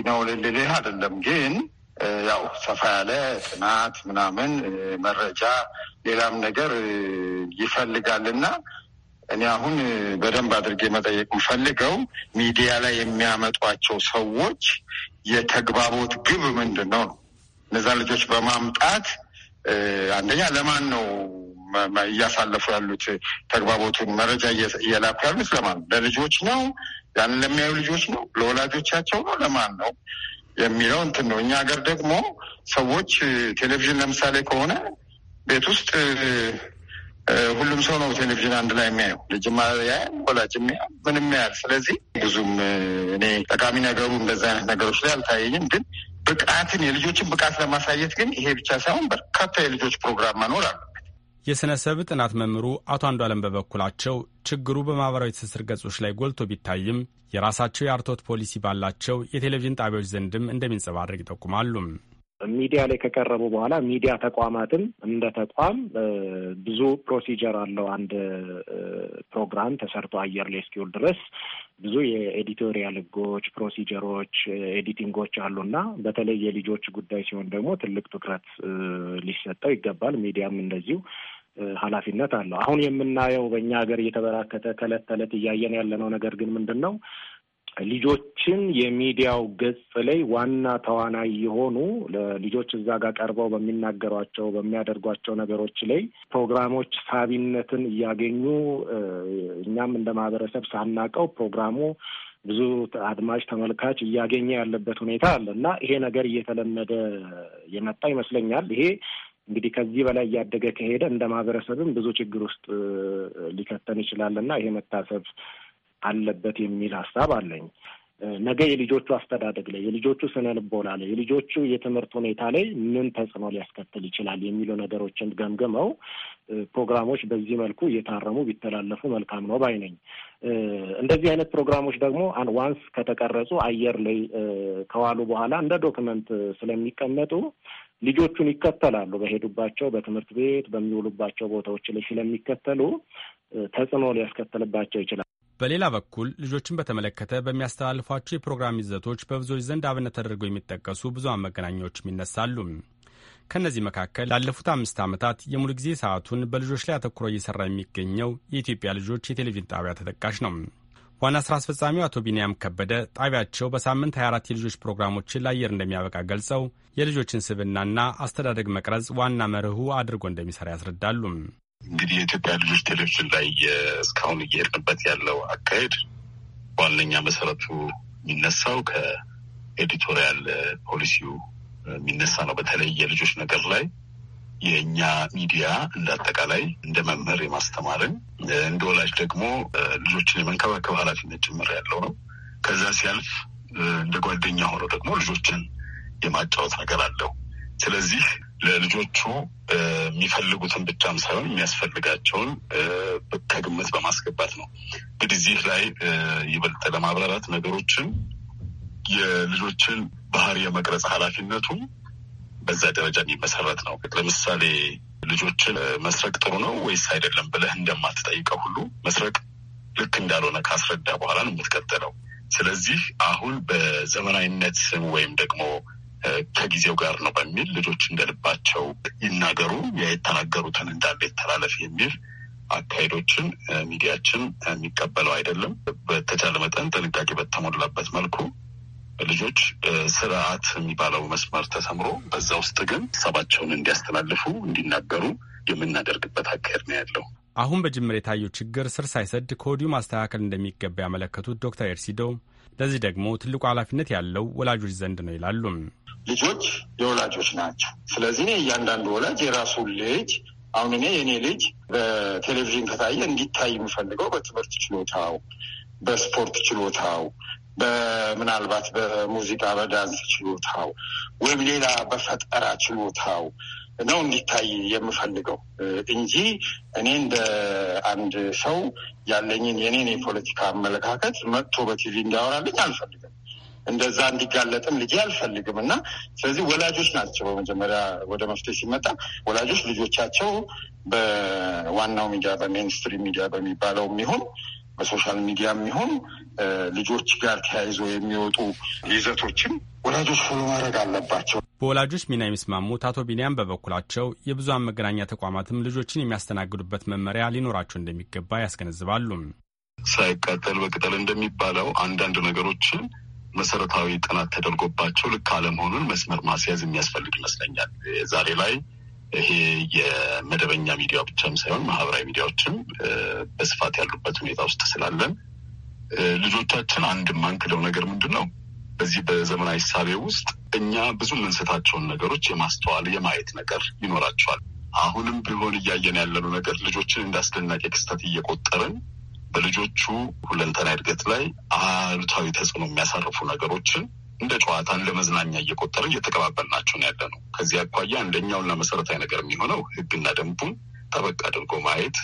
ነው ልልህ አይደለም፣ ግን ያው ሰፋ ያለ ጥናት ምናምን መረጃ ሌላም ነገር ይፈልጋልና እኔ አሁን በደንብ አድርጌ መጠየቅ የምፈልገው ሚዲያ ላይ የሚያመጧቸው ሰዎች የተግባቦት ግብ ምንድን ነው ነው እነዛን ልጆች በማምጣት አንደኛ ለማን ነው እያሳለፉ ያሉት ተግባቦቱን መረጃ እየላኩ ያሉት ለማን ነው? ለልጆች ነው? ያን ለሚያዩ ልጆች ነው? ለወላጆቻቸው ነው? ለማን ነው የሚለው እንትን ነው። እኛ ሀገር ደግሞ ሰዎች ቴሌቪዥን ለምሳሌ ከሆነ ቤት ውስጥ ሁሉም ሰው ነው ቴሌቪዥን አንድ ላይ የሚያየው። ልጅማ ያያል፣ ወላጅም ያያል፣ ምንም ያያል። ስለዚህ ብዙም እኔ ጠቃሚ ነገሩ እንደዚህ አይነት ነገሮች ላይ አልታየኝም። ግን ብቃትን የልጆችን ብቃት ለማሳየት ግን ይሄ ብቻ ሳይሆን በርካታ የልጆች ፕሮግራም መኖር አለ። የሥነ ሰብ ጥናት መምህሩ አቶ አንዱ አለም በበኩላቸው ችግሩ በማኅበራዊ ትስስር ገጾች ላይ ጎልቶ ቢታይም የራሳቸው የአርቶት ፖሊሲ ባላቸው የቴሌቪዥን ጣቢያዎች ዘንድም እንደሚንጸባረቅ ይጠቁማሉ። ሚዲያ ላይ ከቀረቡ በኋላ ሚዲያ ተቋማትም እንደ ተቋም ብዙ ፕሮሲጀር አለው። አንድ ፕሮግራም ተሰርቶ አየር ላይ እስኪውል ድረስ ብዙ የኤዲቶሪያል ህጎች፣ ፕሮሲጀሮች፣ ኤዲቲንጎች አሉ እና በተለይ የልጆች ጉዳይ ሲሆን ደግሞ ትልቅ ትኩረት ሊሰጠው ይገባል። ሚዲያም እንደዚሁ ኃላፊነት አለው። አሁን የምናየው በእኛ ሀገር እየተበራከተ ከእለት ተዕለት እያየን ያለነው ነገር ግን ምንድን ነው ልጆችን የሚዲያው ገጽ ላይ ዋና ተዋናይ የሆኑ ለልጆች እዛ ጋር ቀርበው በሚናገሯቸው በሚያደርጓቸው ነገሮች ላይ ፕሮግራሞች ሳቢነትን እያገኙ እኛም እንደ ማህበረሰብ ሳናቀው ፕሮግራሙ ብዙ አድማጭ ተመልካች እያገኘ ያለበት ሁኔታ አለ እና ይሄ ነገር እየተለመደ የመጣ ይመስለኛል። ይሄ እንግዲህ ከዚህ በላይ እያደገ ከሄደ እንደ ማህበረሰብም ብዙ ችግር ውስጥ ሊከተን ይችላል እና ይሄ መታሰብ አለበት የሚል ሀሳብ አለኝ። ነገ የልጆቹ አስተዳደግ ላይ፣ የልጆቹ ስነ ልቦና ላይ፣ የልጆቹ የትምህርት ሁኔታ ላይ ምን ተጽዕኖ ሊያስከትል ይችላል የሚሉ ነገሮችን ገምግመው ፕሮግራሞች በዚህ መልኩ እየታረሙ ቢተላለፉ መልካም ነው ባይ ነኝ። እንደዚህ አይነት ፕሮግራሞች ደግሞ ዋንስ ከተቀረጹ አየር ላይ ከዋሉ በኋላ እንደ ዶክመንት ስለሚቀመጡ ልጆቹን ይከተላሉ። በሄዱባቸው በትምህርት ቤት በሚውሉባቸው ቦታዎች ላይ ስለሚከተሉ ተጽዕኖ ሊያስከትልባቸው ይችላል። በሌላ በኩል ልጆችን በተመለከተ በሚያስተላልፏቸው የፕሮግራም ይዘቶች በብዙዎች ዘንድ አብነት ተደርገው የሚጠቀሱ ብዙሃን መገናኛዎችም ይነሳሉ። ከእነዚህ መካከል ላለፉት አምስት ዓመታት የሙሉ ጊዜ ሰዓቱን በልጆች ላይ አተኩሮ እየሰራ የሚገኘው የኢትዮጵያ ልጆች የቴሌቪዥን ጣቢያ ተጠቃሽ ነው። ዋና ስራ አስፈጻሚው አቶ ቢንያም ከበደ ጣቢያቸው በሳምንት 24 የልጆች ፕሮግራሞችን ለአየር እንደሚያበቃ ገልጸው የልጆችን ስብናና አስተዳደግ መቅረጽ ዋና መርሁ አድርጎ እንደሚሰራ ያስረዳሉ። እንግዲህ የኢትዮጵያ ልጆች ቴሌቪዥን ላይ እስካሁን እየሄድንበት ያለው አካሄድ ዋነኛ መሰረቱ የሚነሳው ከኤዲቶሪያል ፖሊሲው የሚነሳ ነው። በተለይ የልጆች ነገር ላይ የእኛ ሚዲያ እንደ አጠቃላይ እንደ መምህር የማስተማርን እንደ ወላጅ ደግሞ ልጆችን የመንከባከብ ኃላፊነት ጭምር ያለው ነው። ከዛ ሲያልፍ እንደ ጓደኛ ሆኖ ደግሞ ልጆችን የማጫወት ነገር አለው። ስለዚህ ለልጆቹ የሚፈልጉትን ብቻም ሳይሆን የሚያስፈልጋቸውን ከግምት በማስገባት ነው። እንግዲህ እዚህ ላይ የበለጠ ለማብራራት ነገሮችን የልጆችን ባህሪ የመቅረጽ ኃላፊነቱ በዛ ደረጃ የሚመሰረት ነው። ለምሳሌ ልጆችን መስረቅ ጥሩ ነው ወይስ አይደለም ብለህ እንደማትጠይቀው ሁሉ መስረቅ ልክ እንዳልሆነ ካስረዳ በኋላ ነው የምትቀጥለው። ስለዚህ አሁን በዘመናዊነት ስም ወይም ደግሞ ከጊዜው ጋር ነው በሚል ልጆች እንደልባቸው ይናገሩ፣ የተናገሩትን እንዳለ ይተላለፍ የሚል አካሄዶችን ሚዲያችን የሚቀበለው አይደለም። በተቻለ መጠን ጥንቃቄ በተሞላበት መልኩ ልጆች ስርዓት የሚባለው መስመር ተሰምሮ በዛ ውስጥ ግን ሀሳባቸውን እንዲያስተላልፉ እንዲናገሩ የምናደርግበት አካሄድ ነው ያለው። አሁን በጅምር የታየው ችግር ስር ሳይሰድ ከወዲሁ ማስተካከል እንደሚገባ ያመለከቱት ዶክተር ኤርሲዶ ለዚህ ደግሞ ትልቁ ኃላፊነት ያለው ወላጆች ዘንድ ነው ይላሉም። ልጆች የወላጆች ናቸው። ስለዚህ እያንዳንዱ ወላጅ የራሱን ልጅ አሁን እኔ የእኔ ልጅ በቴሌቪዥን ከታየ እንዲታይ የምፈልገው በትምህርት ችሎታው፣ በስፖርት ችሎታው፣ በምናልባት በሙዚቃ በዳንስ ችሎታው ወይም ሌላ በፈጠራ ችሎታው ነው እንዲታይ የምፈልገው እንጂ እኔ እንደ አንድ ሰው ያለኝን የኔን የፖለቲካ አመለካከት መጥቶ በቲቪ እንዲያወራልኝ አልፈልግም። እንደዛ እንዲጋለጥም ልጅ አልፈልግም እና ስለዚህ ወላጆች ናቸው በመጀመሪያ ወደ መፍትሄ ሲመጣ ወላጆች ልጆቻቸው በዋናው ሚዲያ በሜንስትሪም ሚዲያ በሚባለው የሚሆን በሶሻል ሚዲያ የሚሆን ልጆች ጋር ተያይዞ የሚወጡ ይዘቶችን ወላጆች ፎሎ ማድረግ አለባቸው። በወላጆች ሚና የሚስማሙት አቶ ቢንያም በበኩላቸው የብዙሃን መገናኛ ተቋማትም ልጆችን የሚያስተናግዱበት መመሪያ ሊኖራቸው እንደሚገባ ያስገነዝባሉ። ሳይቃጠል በቅጠል እንደሚባለው አንዳንድ ነገሮችን መሰረታዊ ጥናት ተደርጎባቸው ልክ አለመሆኑን መስመር ማስያዝ የሚያስፈልግ ይመስለኛል። ዛሬ ላይ ይሄ የመደበኛ ሚዲያ ብቻም ሳይሆን ማህበራዊ ሚዲያዎችም በስፋት ያሉበት ሁኔታ ውስጥ ስላለን ልጆቻችን አንድ የማንክደው ነገር ምንድን ነው? በዚህ በዘመናዊ ሳቤ ውስጥ እኛ ብዙ የምንስታቸውን ነገሮች የማስተዋል የማየት ነገር ይኖራቸዋል። አሁንም ቢሆን እያየን ያለነው ነገር ልጆችን እንዳስደናቂ ክስተት እየቆጠርን በልጆቹ ሁለንተና እድገት ላይ አሉታዊ ተጽዕኖ የሚያሳርፉ ነገሮችን እንደ ጨዋታ እንደ መዝናኛ እየቆጠረ እየተቀባበልናቸው ነው ያለ ነው። ከዚህ አኳያ አንደኛውና መሰረታዊ ነገር የሚሆነው ህግና ደንቡን ጠበቅ አድርጎ ማየት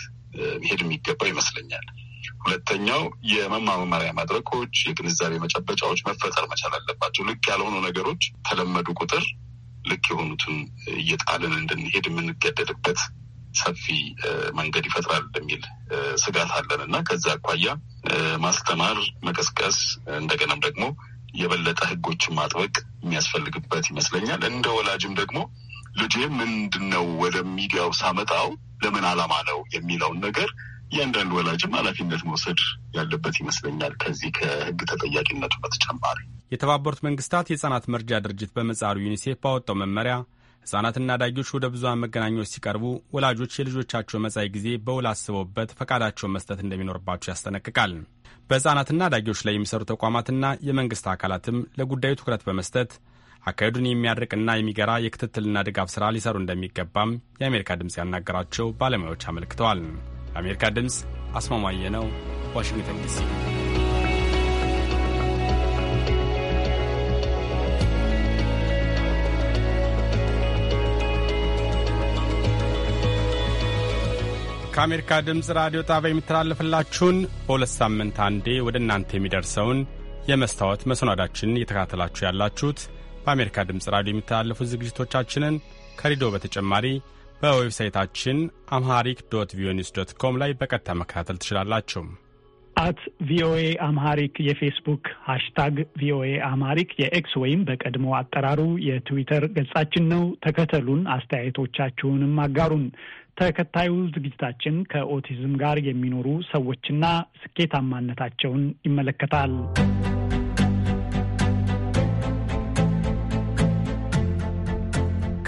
መሄድ የሚገባው ይመስለኛል። ሁለተኛው የመማመሪያ መድረኮች፣ የግንዛቤ መጨበጫዎች መፈጠር መቻል አለባቸው። ልክ ያልሆኑ ነገሮች ተለመዱ ቁጥር ልክ የሆኑትን እየጣልን እንድንሄድ የምንገደድበት ሰፊ መንገድ ይፈጥራል የሚል ስጋት አለን እና ከዛ አኳያ ማስተማር፣ መቀስቀስ እንደገናም ደግሞ የበለጠ ህጎችን ማጥበቅ የሚያስፈልግበት ይመስለኛል። እንደ ወላጅም ደግሞ ልጄ ምንድን ነው ወደ ሚዲያው ሳመጣው ለምን አላማ ነው የሚለውን ነገር እያንዳንድ ወላጅም ኃላፊነት መውሰድ ያለበት ይመስለኛል። ከዚህ ከህግ ተጠያቂነቱ በተጨማሪ የተባበሩት መንግስታት የህጻናት መርጃ ድርጅት በመጻሩ ዩኒሴፍ ባወጣው መመሪያ ሕፃናትና ዳጊዎች ወደ ብዙሀን መገናኛዎች ሲቀርቡ ወላጆች የልጆቻቸው መጻኢ ጊዜ በውል አስበውበት ፈቃዳቸውን መስጠት እንደሚኖርባቸው ያስጠነቅቃል። በሕፃናትና ዳጊዎች ላይ የሚሰሩ ተቋማትና የመንግሥት አካላትም ለጉዳዩ ትኩረት በመስጠት አካሄዱን የሚያድርቅና የሚገራ የክትትልና ድጋፍ ሥራ ሊሰሩ እንደሚገባም የአሜሪካ ድምፅ ያናገራቸው ባለሙያዎች አመልክተዋል። ለአሜሪካ ድምፅ አስማማየ ነው፣ ዋሽንግተን ዲሲ። ከአሜሪካ ድምፅ ራዲዮ ጣቢያ የሚተላለፍላችሁን በሁለት ሳምንት አንዴ ወደ እናንተ የሚደርሰውን የመስታወት መሰናዳችንን እየተከታተላችሁ ያላችሁት በአሜሪካ ድምፅ ራዲዮ የሚተላለፉ ዝግጅቶቻችንን ከሬዲዮ በተጨማሪ በዌብሳይታችን አምሃሪክ ዶት ቪኦኤ ኒውስ ዶት ኮም ላይ በቀጥታ መከታተል ትችላላችሁ። አት ቪኦኤ አምሃሪክ የፌስቡክ ሃሽታግ ቪኦኤ አምሃሪክ የኤክስ ወይም በቀድሞ አጠራሩ የትዊተር ገጻችን ነው። ተከተሉን፣ አስተያየቶቻችሁንም አጋሩን። ተከታዩ ዝግጅታችን ከኦቲዝም ጋር የሚኖሩ ሰዎችና ስኬታማነታቸውን ይመለከታል።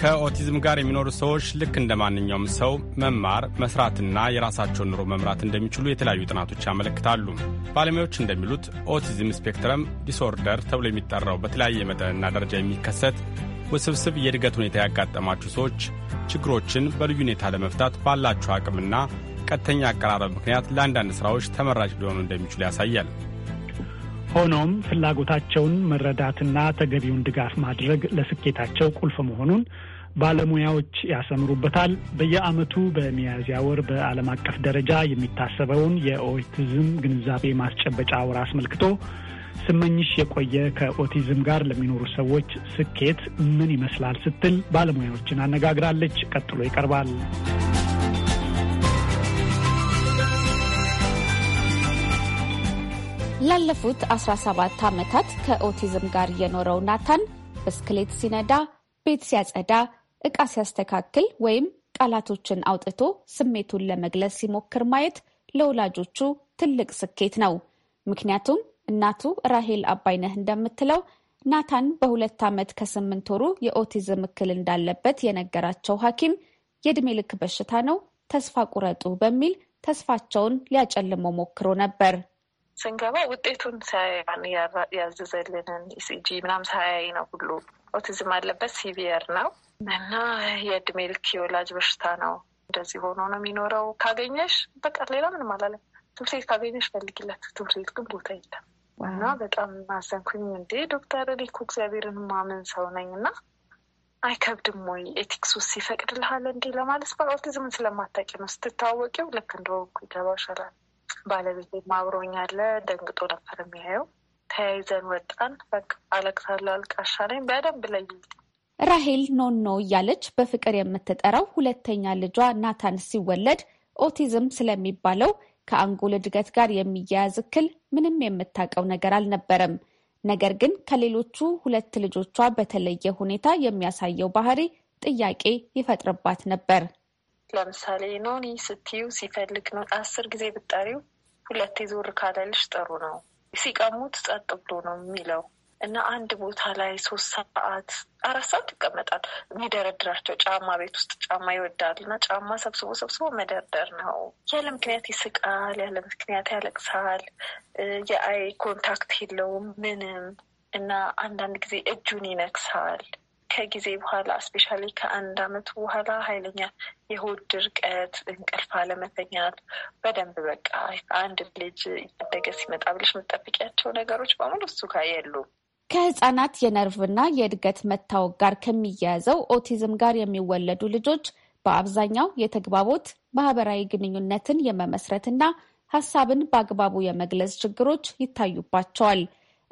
ከኦቲዝም ጋር የሚኖሩ ሰዎች ልክ እንደ ማንኛውም ሰው መማር፣ መስራትና የራሳቸውን ኑሮ መምራት እንደሚችሉ የተለያዩ ጥናቶች ያመለክታሉ። ባለሙያዎች እንደሚሉት ኦቲዝም ስፔክትረም ዲስኦርደር ተብሎ የሚጠራው በተለያየ መጠንና ደረጃ የሚከሰት ውስብስብ የእድገት ሁኔታ ያጋጠማቸው ሰዎች ችግሮችን በልዩ ሁኔታ ለመፍታት ባላቸው አቅምና ቀጥተኛ አቀራረብ ምክንያት ለአንዳንድ ሥራዎች ተመራጭ ሊሆኑ እንደሚችሉ ያሳያል። ሆኖም ፍላጎታቸውን መረዳትና ተገቢውን ድጋፍ ማድረግ ለስኬታቸው ቁልፍ መሆኑን ባለሙያዎች ያሰምሩበታል። በየዓመቱ በሚያዝያ ወር በዓለም አቀፍ ደረጃ የሚታሰበውን የኦቲዝም ግንዛቤ ማስጨበጫ ወር አስመልክቶ ስመኝሽ የቆየ ከኦቲዝም ጋር ለሚኖሩ ሰዎች ስኬት ምን ይመስላል ስትል ባለሙያዎችን አነጋግራለች። ቀጥሎ ይቀርባል። ላለፉት 17 ዓመታት ከኦቲዝም ጋር የኖረው ናታን ብስክሌት ሲነዳ፣ ቤት ሲያጸዳ፣ ዕቃ ሲያስተካክል ወይም ቃላቶችን አውጥቶ ስሜቱን ለመግለጽ ሲሞክር ማየት ለወላጆቹ ትልቅ ስኬት ነው። ምክንያቱም እናቱ ራሄል አባይነህ እንደምትለው ናታን በሁለት ዓመት ከስምንት ወሩ የኦቲዝም እክል እንዳለበት የነገራቸው ሐኪም የእድሜ ልክ በሽታ ነው፣ ተስፋ ቁረጡ በሚል ተስፋቸውን ሊያጨልሞ ሞክሮ ነበር። ስንገባ ውጤቱን ሳያን ያዘዘልንን ኢሲጂ ምናም ሳያይ ነው ሁሉ ኦቲዝም አለበት ሲቪየር ነው እና የእድሜ ልክ የወላጅ በሽታ ነው እንደዚህ ሆኖ ነው የሚኖረው። ካገኘሽ በቃ ሌላ ምንም አላለም። ትምህርት ቤት ካገኘሽ ፈልጊለት፣ ትምህርት ቤት ግን ቦታ የለም እና በጣም አዘንኩኝ። እንዴ ዶክተር እኔ እግዚአብሔርን ማምን ሰው ነኝ እና አይከብድም ወይ ኤቲክስ ውስጥ ይፈቅድልሃል እንዲህ ለማለት በ ኦቲዝምን ስለማታውቂ ነው። ስትታወቂው ልክ እንደሆንኩ ይገባሻላል ባለቤቴም አብሮኝ አለ። ደንግጦ ነበር የሚያየው። ተያይዘን ወጣን። በቃ አለቅሳለሁ፣ አልቃሻ ነኝ በደንብ ለይ ራሄል ኖኖ እያለች በፍቅር የምትጠራው ሁለተኛ ልጇ ናታን ሲወለድ ኦቲዝም ስለሚባለው ከአንጎል እድገት ጋር የሚያያዝ እክል ምንም የምታውቀው ነገር አልነበረም። ነገር ግን ከሌሎቹ ሁለት ልጆቿ በተለየ ሁኔታ የሚያሳየው ባህሪ ጥያቄ ይፈጥርባት ነበር። ለምሳሌ ኖኒ ስትዩ ሲፈልግ ነው። አስር ጊዜ ብጠሪው ሁለቴ ዞር ካለልሽ ጥሩ ነው። ሲቀሙት ጸጥ ብሎ ነው የሚለው እና አንድ ቦታ ላይ ሶስት ሰዓት አራት ሰዓት ይቀመጣል። የሚደረድራቸው ጫማ ቤት ውስጥ ጫማ ይወዳል እና ጫማ ሰብስቦ ሰብስቦ መደርደር ነው። ያለ ምክንያት ይስቃል፣ ያለ ምክንያት ያለቅሳል። የአይ ኮንታክት የለውም ምንም እና አንዳንድ ጊዜ እጁን ይነክሳል። ከጊዜ በኋላ እስፔሻሊ ከአንድ አመት በኋላ ኃይለኛ የሆድ ድርቀት፣ እንቅልፍ አለመተኛት፣ በደንብ በቃ አንድ ልጅ እያደገ ሲመጣ ብለሽ የምጠብቂያቸው ነገሮች በሙሉ እሱ ጋር የሉ። ከህጻናት የነርቭና የእድገት መታወቅ ጋር ከሚያያዘው ኦቲዝም ጋር የሚወለዱ ልጆች በአብዛኛው የተግባቦት ማህበራዊ ግንኙነትን የመመስረትና ሀሳብን በአግባቡ የመግለጽ ችግሮች ይታዩባቸዋል።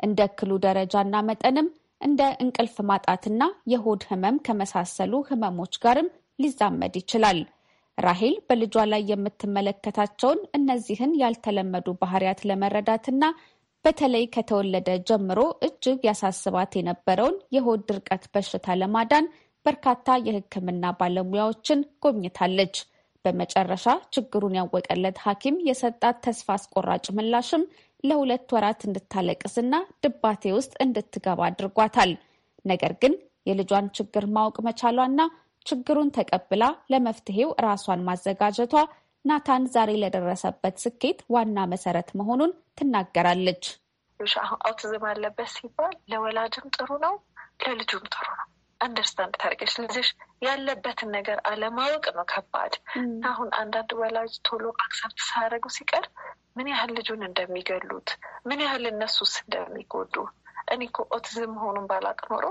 እንደ እክሉ ደረጃና መጠንም እንደ እንቅልፍ ማጣትና የሆድ ህመም ከመሳሰሉ ህመሞች ጋርም ሊዛመድ ይችላል። ራሄል በልጇ ላይ የምትመለከታቸውን እነዚህን ያልተለመዱ ባህሪያት ለመረዳትና በተለይ ከተወለደ ጀምሮ እጅግ ያሳስባት የነበረውን የሆድ ድርቀት በሽታ ለማዳን በርካታ የሕክምና ባለሙያዎችን ጎብኝታለች። በመጨረሻ ችግሩን ያወቀለት ሐኪም የሰጣት ተስፋ አስቆራጭ ምላሽም ለሁለት ወራት እንድታለቅስና ድባቴ ውስጥ እንድትገባ አድርጓታል። ነገር ግን የልጇን ችግር ማወቅ መቻሏና ችግሩን ተቀብላ ለመፍትሄው ራሷን ማዘጋጀቷ ናታን ዛሬ ለደረሰበት ስኬት ዋና መሰረት መሆኑን ትናገራለች። አውቲዝም አለበት ሲባል ለወላጅም ጥሩ ነው፣ ለልጁም ጥሩ ነው። አንደርስታንድ ታደርገች ልጅሽ ያለበትን ነገር አለማወቅ ነው ከባድ። አሁን አንዳንድ ወላጅ ቶሎ አክሰፕት ሳያደርጉ ሲቀር ምን ያህል ልጁን እንደሚገሉት፣ ምን ያህል እነሱስ እንደሚጎዱ እኔ እኮ ኦቲዝም ሆኑን ባላቅ ኖሮ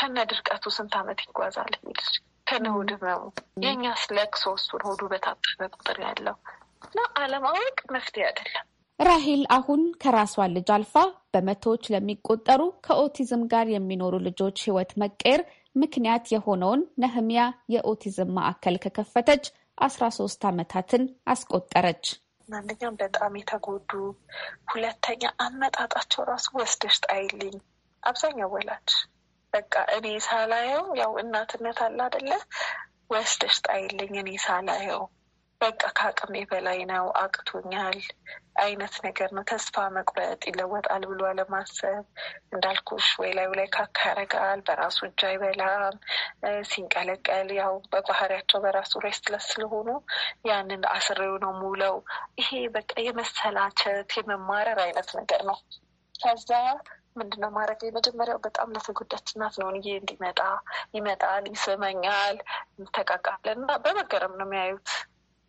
ከነ ድርቀቱ ስንት ዓመት ይጓዛል ልጅ ከነ ሆድ የእኛ ስለክ ሶስቱን ሆዱ በታጠበ ቁጥር ያለው እና አለማወቅ መፍትሄ አይደለም። ራሂል አሁን ከራሷ ልጅ አልፋ በመቶዎች ለሚቆጠሩ ከኦቲዝም ጋር የሚኖሩ ልጆች ህይወት መቀየር ምክንያት የሆነውን ነህሚያ የኦቲዝም ማዕከል ከከፈተች አስራ ሶስት አመታትን አስቆጠረች። አንደኛም በጣም የተጎዱ ሁለተኛ አመጣጣቸው ራሱ ወስደሽ ጣይልኝ። አብዛኛው ወላጅ በቃ እኔ ሳላየው ያው እናትነት አለ አደለ ወስደሽ ጣይልኝ እኔ ሳላየው በቃ ከአቅሜ በላይ ነው አቅቶኛል አይነት ነገር ነው። ተስፋ መቁረጥ፣ ይለወጣል ብሎ አለማሰብ እንዳልኩሽ ወይ ላዩ ላይ ካካ ያደርጋል። በራሱ እጅ አይበላም። ሲንቀለቀል ያው በባህሪያቸው በራሱ ሬስትለስ ስለሆኑ ያንን አስሬው ነው ሙለው። ይሄ በቃ የመሰላቸት የመማረር አይነት ነገር ነው። ከዛ ምንድነው ማድረግ የመጀመሪያው በጣም ለተጎዳች እናት ነው ይሄ እንዲመጣ ይመጣል፣ ይስመኛል፣ እንተቃቃለን እና በመገረም ነው የሚያዩት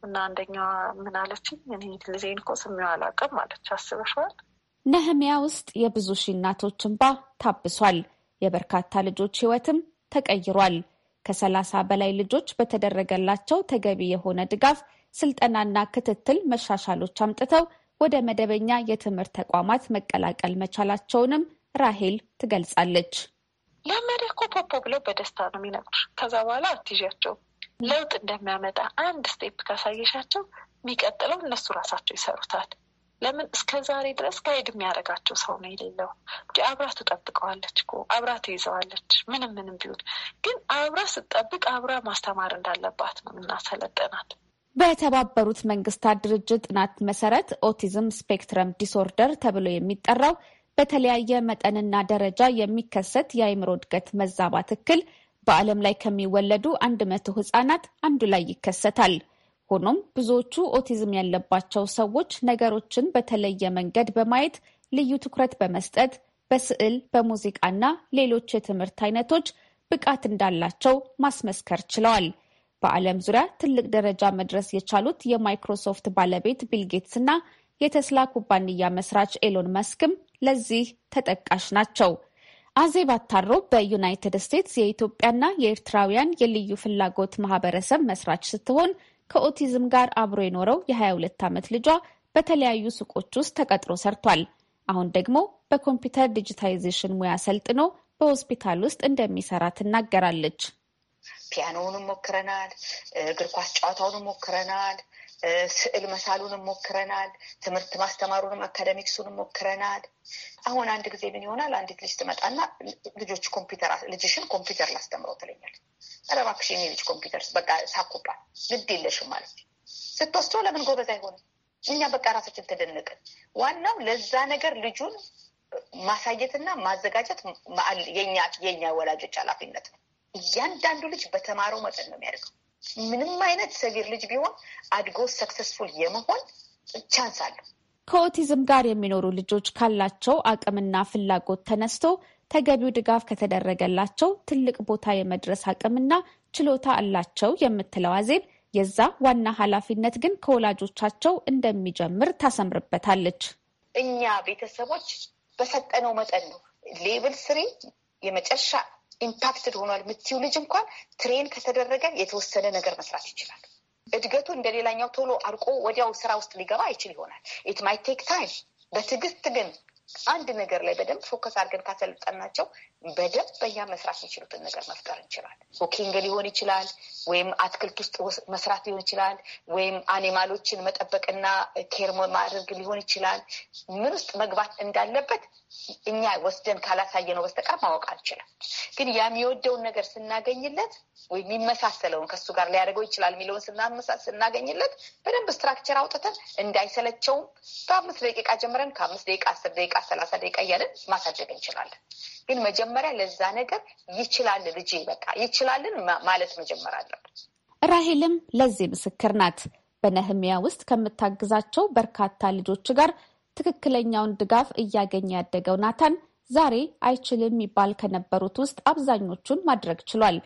እና አንደኛዋ ምን አለችኝ፣ እኔ ልጄን እኮ ስሜዋ አላውቅም አለች። አስበሽዋል? ነህሚያ ውስጥ የብዙ ሺ እናቶች እንባ ታብሷል። የበርካታ ልጆች ህይወትም ተቀይሯል። ከሰላሳ በላይ ልጆች በተደረገላቸው ተገቢ የሆነ ድጋፍ ስልጠናና ክትትል መሻሻሎች አምጥተው ወደ መደበኛ የትምህርት ተቋማት መቀላቀል መቻላቸውንም ራሄል ትገልጻለች። ለመሪ እኮ ፖፖ ብለው በደስታ ነው የሚነግር። ከዛ በኋላ አትይዣቸውም ለውጥ እንደሚያመጣ አንድ ስቴፕ ካሳየሻቸው የሚቀጥለው እነሱ ራሳቸው ይሰሩታል። ለምን እስከ ዛሬ ድረስ ጋይድ የሚያደርጋቸው ሰው ነው የሌለው እ አብራ ትጠብቀዋለች እኮ አብራ ትይዘዋለች። ምንም ምንም ቢሆን ግን አብራ ስትጠብቅ አብራ ማስተማር እንዳለባት ነው እናሰለጠናት። በተባበሩት መንግስታት ድርጅት ጥናት መሰረት ኦቲዝም ስፔክትረም ዲስኦርደር ተብሎ የሚጠራው በተለያየ መጠንና ደረጃ የሚከሰት የአይምሮ እድገት መዛባት እክል በዓለም ላይ ከሚወለዱ አንድ መቶ ህጻናት አንዱ ላይ ይከሰታል። ሆኖም ብዙዎቹ ኦቲዝም ያለባቸው ሰዎች ነገሮችን በተለየ መንገድ በማየት ልዩ ትኩረት በመስጠት በስዕል፣ በሙዚቃና ሌሎች የትምህርት አይነቶች ብቃት እንዳላቸው ማስመስከር ችለዋል። በዓለም ዙሪያ ትልቅ ደረጃ መድረስ የቻሉት የማይክሮሶፍት ባለቤት ቢልጌትስ እና የተስላ ኩባንያ መስራች ኤሎን መስክም ለዚህ ተጠቃሽ ናቸው። አዜብ አታሮ በዩናይትድ ስቴትስ የኢትዮጵያና የኤርትራውያን የልዩ ፍላጎት ማህበረሰብ መስራች ስትሆን ከኦቲዝም ጋር አብሮ የኖረው የ22 ዓመት ልጇ በተለያዩ ሱቆች ውስጥ ተቀጥሮ ሰርቷል። አሁን ደግሞ በኮምፒውተር ዲጂታይዜሽን ሙያ ሰልጥኖ በሆስፒታል ውስጥ እንደሚሰራ ትናገራለች። ፒያኖውንም ሞክረናል፣ እግር ኳስ ጨዋታውንም ሞክረናል፣ ስዕል መሳሉንም ሞክረናል። ትምህርት ማስተማሩንም አካደሚክሱንም ሞክረናል። አሁን አንድ ጊዜ ምን ይሆናል፣ አንዲት ልጅ ትመጣና ልጆች ኮምፒውተር ልጅሽን ኮምፒውተር ላስተምረው ትለኛል። ኧረ እባክሽ የኔ ልጅ ኮምፒውተር በቃ ሳኩባል ልድ የለሽም ማለት ስትወስዶ ለምን ጎበዝ አይሆንም? እኛ በቃ ራሳችን ተደነቅን። ዋናው ለዛ ነገር ልጁን ማሳየትና ማዘጋጀት የኛ የወላጆች ኃላፊነት ነው። እያንዳንዱ ልጅ በተማረው መጠን ነው የሚያደርገው። ምንም አይነት ሰቪር ልጅ ቢሆን አድጎ ሰክሰስፉል የመሆን ቻንስ አለው። ከኦቲዝም ጋር የሚኖሩ ልጆች ካላቸው አቅምና ፍላጎት ተነስቶ ተገቢው ድጋፍ ከተደረገላቸው ትልቅ ቦታ የመድረስ አቅምና ችሎታ አላቸው የምትለው አዜብ የዛ ዋና ኃላፊነት ግን ከወላጆቻቸው እንደሚጀምር ታሰምርበታለች። እኛ ቤተሰቦች በሰጠነው መጠን ነው ሌብል ስሪ የመጨረሻ ኢምፓክትድ ሆኗል የምትይው ልጅ እንኳን ትሬን ከተደረገ የተወሰነ ነገር መስራት ይችላል። እድገቱ እንደሌላኛው ቶሎ አርቆ ወዲያው ስራ ውስጥ ሊገባ አይችል ይሆናል። ኢት ማይ ቴክ ታይም። በትዕግስት ግን አንድ ነገር ላይ በደንብ ፎከስ አድርገን ካሰለጠናቸው በደንብ በኛ መስራት የሚችሉትን ነገር መፍጠር እንችላለን። ኩኪንግ ሊሆን ይችላል፣ ወይም አትክልት ውስጥ መስራት ሊሆን ይችላል፣ ወይም አኒማሎችን መጠበቅና ኬር ማድረግ ሊሆን ይችላል። ምን ውስጥ መግባት እንዳለበት እኛ ወስደን ካላሳየነው በስተቀር ማወቅ አልችልም። ግን ያ የሚወደውን ነገር ስናገኝለት ወይም የሚመሳሰለውን ከሱ ጋር ሊያደርገው ይችላል የሚለውን ስናገኝለት በደንብ ስትራክቸር አውጥተን እንዳይሰለቸውም በአምስት ደቂቃ ጀምረን ከአምስት ደቂቃ አስር ደቂቃ ሰላሳ ደቂቃ እያለን ማሳደግ እንችላለን። ግን መጀመሪያ ለዛ ነገር ይችላል ልጅ በቃ ይችላልን ማለት መጀመር አለበት። ራሄልም ለዚህ ምስክር ናት። በነህሚያ ውስጥ ከምታግዛቸው በርካታ ልጆች ጋር ትክክለኛውን ድጋፍ እያገኘ ያደገው ናታን ዛሬ አይችልም የሚባል ከነበሩት ውስጥ አብዛኞቹን ማድረግ ችሏል።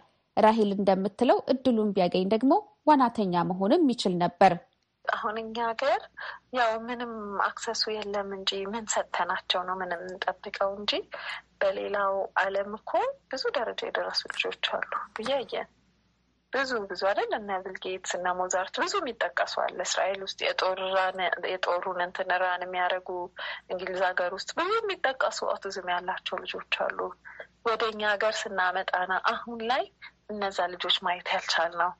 ራሄል እንደምትለው እድሉን ቢያገኝ ደግሞ ዋናተኛ መሆንም ይችል ነበር። አሁን እኛ ሀገር ያው ምንም አክሰሱ የለም እንጂ ምን ሰጥተናቸው ነው ምን እንጠብቀው እንጂ በሌላው ዓለም እኮ ብዙ ደረጃ የደረሱ ልጆች አሉ ብያየን ብዙ ብዙ አይደል እነ ቢልጌትስ እና ሞዛርት ብዙ የሚጠቀሱ አለ። እስራኤል ውስጥ የጦሩን እንትን ራን የሚያደርጉ እንግሊዝ ሀገር ውስጥ ብዙ የሚጠቀሱ ኦቲዝም ያላቸው ልጆች አሉ። ወደ እኛ ሀገር ስናመጣና አሁን ላይ እነዛ ልጆች ማየት ያልቻል ነው።